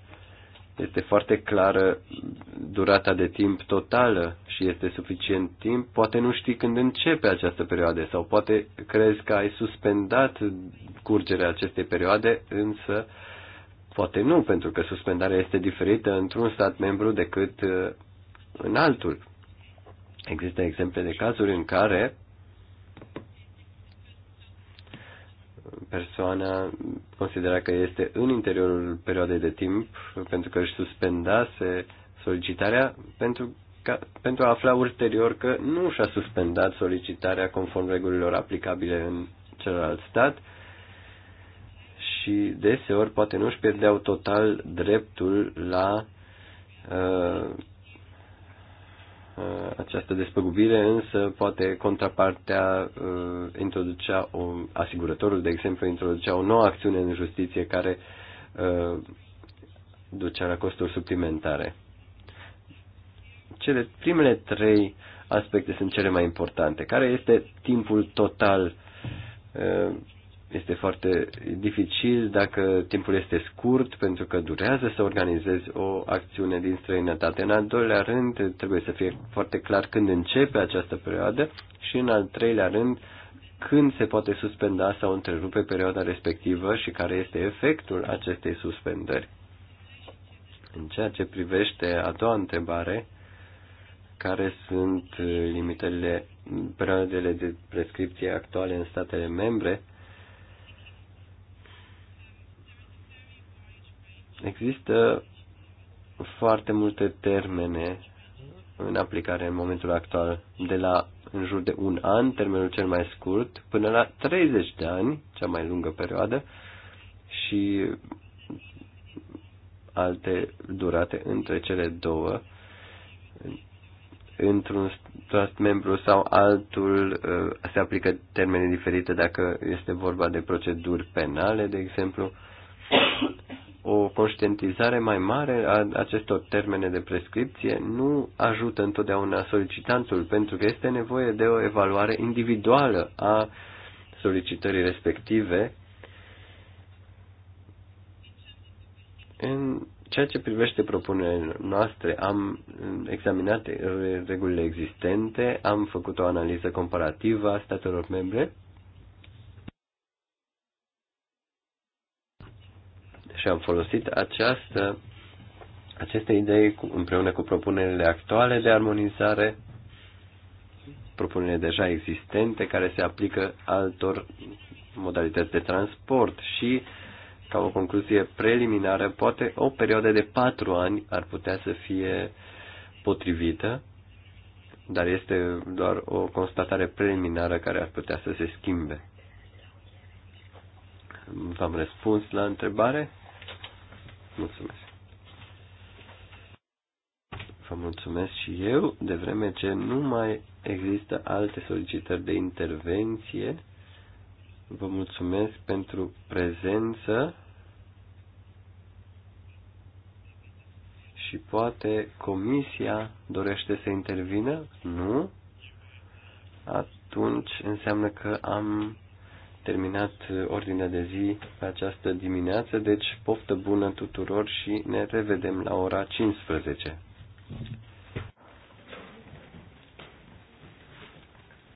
este foarte clară durata de timp totală și este suficient timp. Poate nu știi când începe această perioadă sau poate crezi că ai suspendat curgerea acestei perioade, însă poate nu, pentru că suspendarea este diferită într-un stat membru decât uh, în altul. Există exemple de cazuri în care persoana considera că este în interiorul perioadei de timp pentru că își suspendase solicitarea pentru, ca, pentru a afla ulterior că nu și-a suspendat solicitarea conform regulilor aplicabile în celălalt stat și deseori poate nu își pierdeau total dreptul la uh, Uh, această despăgubire, însă poate contrapartea uh, introducea, o, asigurătorul, de exemplu, introducea o nouă acțiune în justiție care uh, ducea la costuri suplimentare. Cele primele trei aspecte sunt cele mai importante. Care este timpul total este foarte dificil dacă timpul este scurt pentru că durează să organizezi o acțiune din străinătate. În al doilea rând, trebuie să fie foarte clar când începe această perioadă și în al treilea rând, când se poate suspenda sau întrerupe perioada respectivă și care este efectul acestei suspendări. În ceea ce privește a doua întrebare, care sunt limitele, perioadele de prescripție actuale în statele membre, Există foarte multe termene în aplicare în momentul actual, de la în jur de un an, termenul cel mai scurt, până la 30 de ani, cea mai lungă perioadă, și alte durate între cele două, într-un trust membru sau altul ă, se aplică termene diferite dacă este vorba de proceduri penale, de exemplu o conștientizare mai mare a acestor termene de prescripție nu ajută întotdeauna solicitantul, pentru că este nevoie de o evaluare individuală a solicitării respective în ceea ce privește propunerile noastre, am examinat regulile existente, am făcut o analiză comparativă a statelor membre și am folosit această, aceste idei cu, împreună cu propunerile actuale de armonizare, propunerile deja existente care se aplică altor modalități de transport și, ca o concluzie preliminară, poate o perioadă de patru ani ar putea să fie potrivită, dar este doar o constatare preliminară care ar putea să se schimbe. V-am răspuns la întrebare? Mulțumesc. Vă mulțumesc și eu, de vreme ce nu mai există alte solicitări de intervenție. Vă mulțumesc pentru prezență și poate comisia dorește să intervină? Nu? Atunci înseamnă că am terminat eh, ordinea de zi pe această dimineață, deci poftă bună tuturor și ne revedem la ora 15.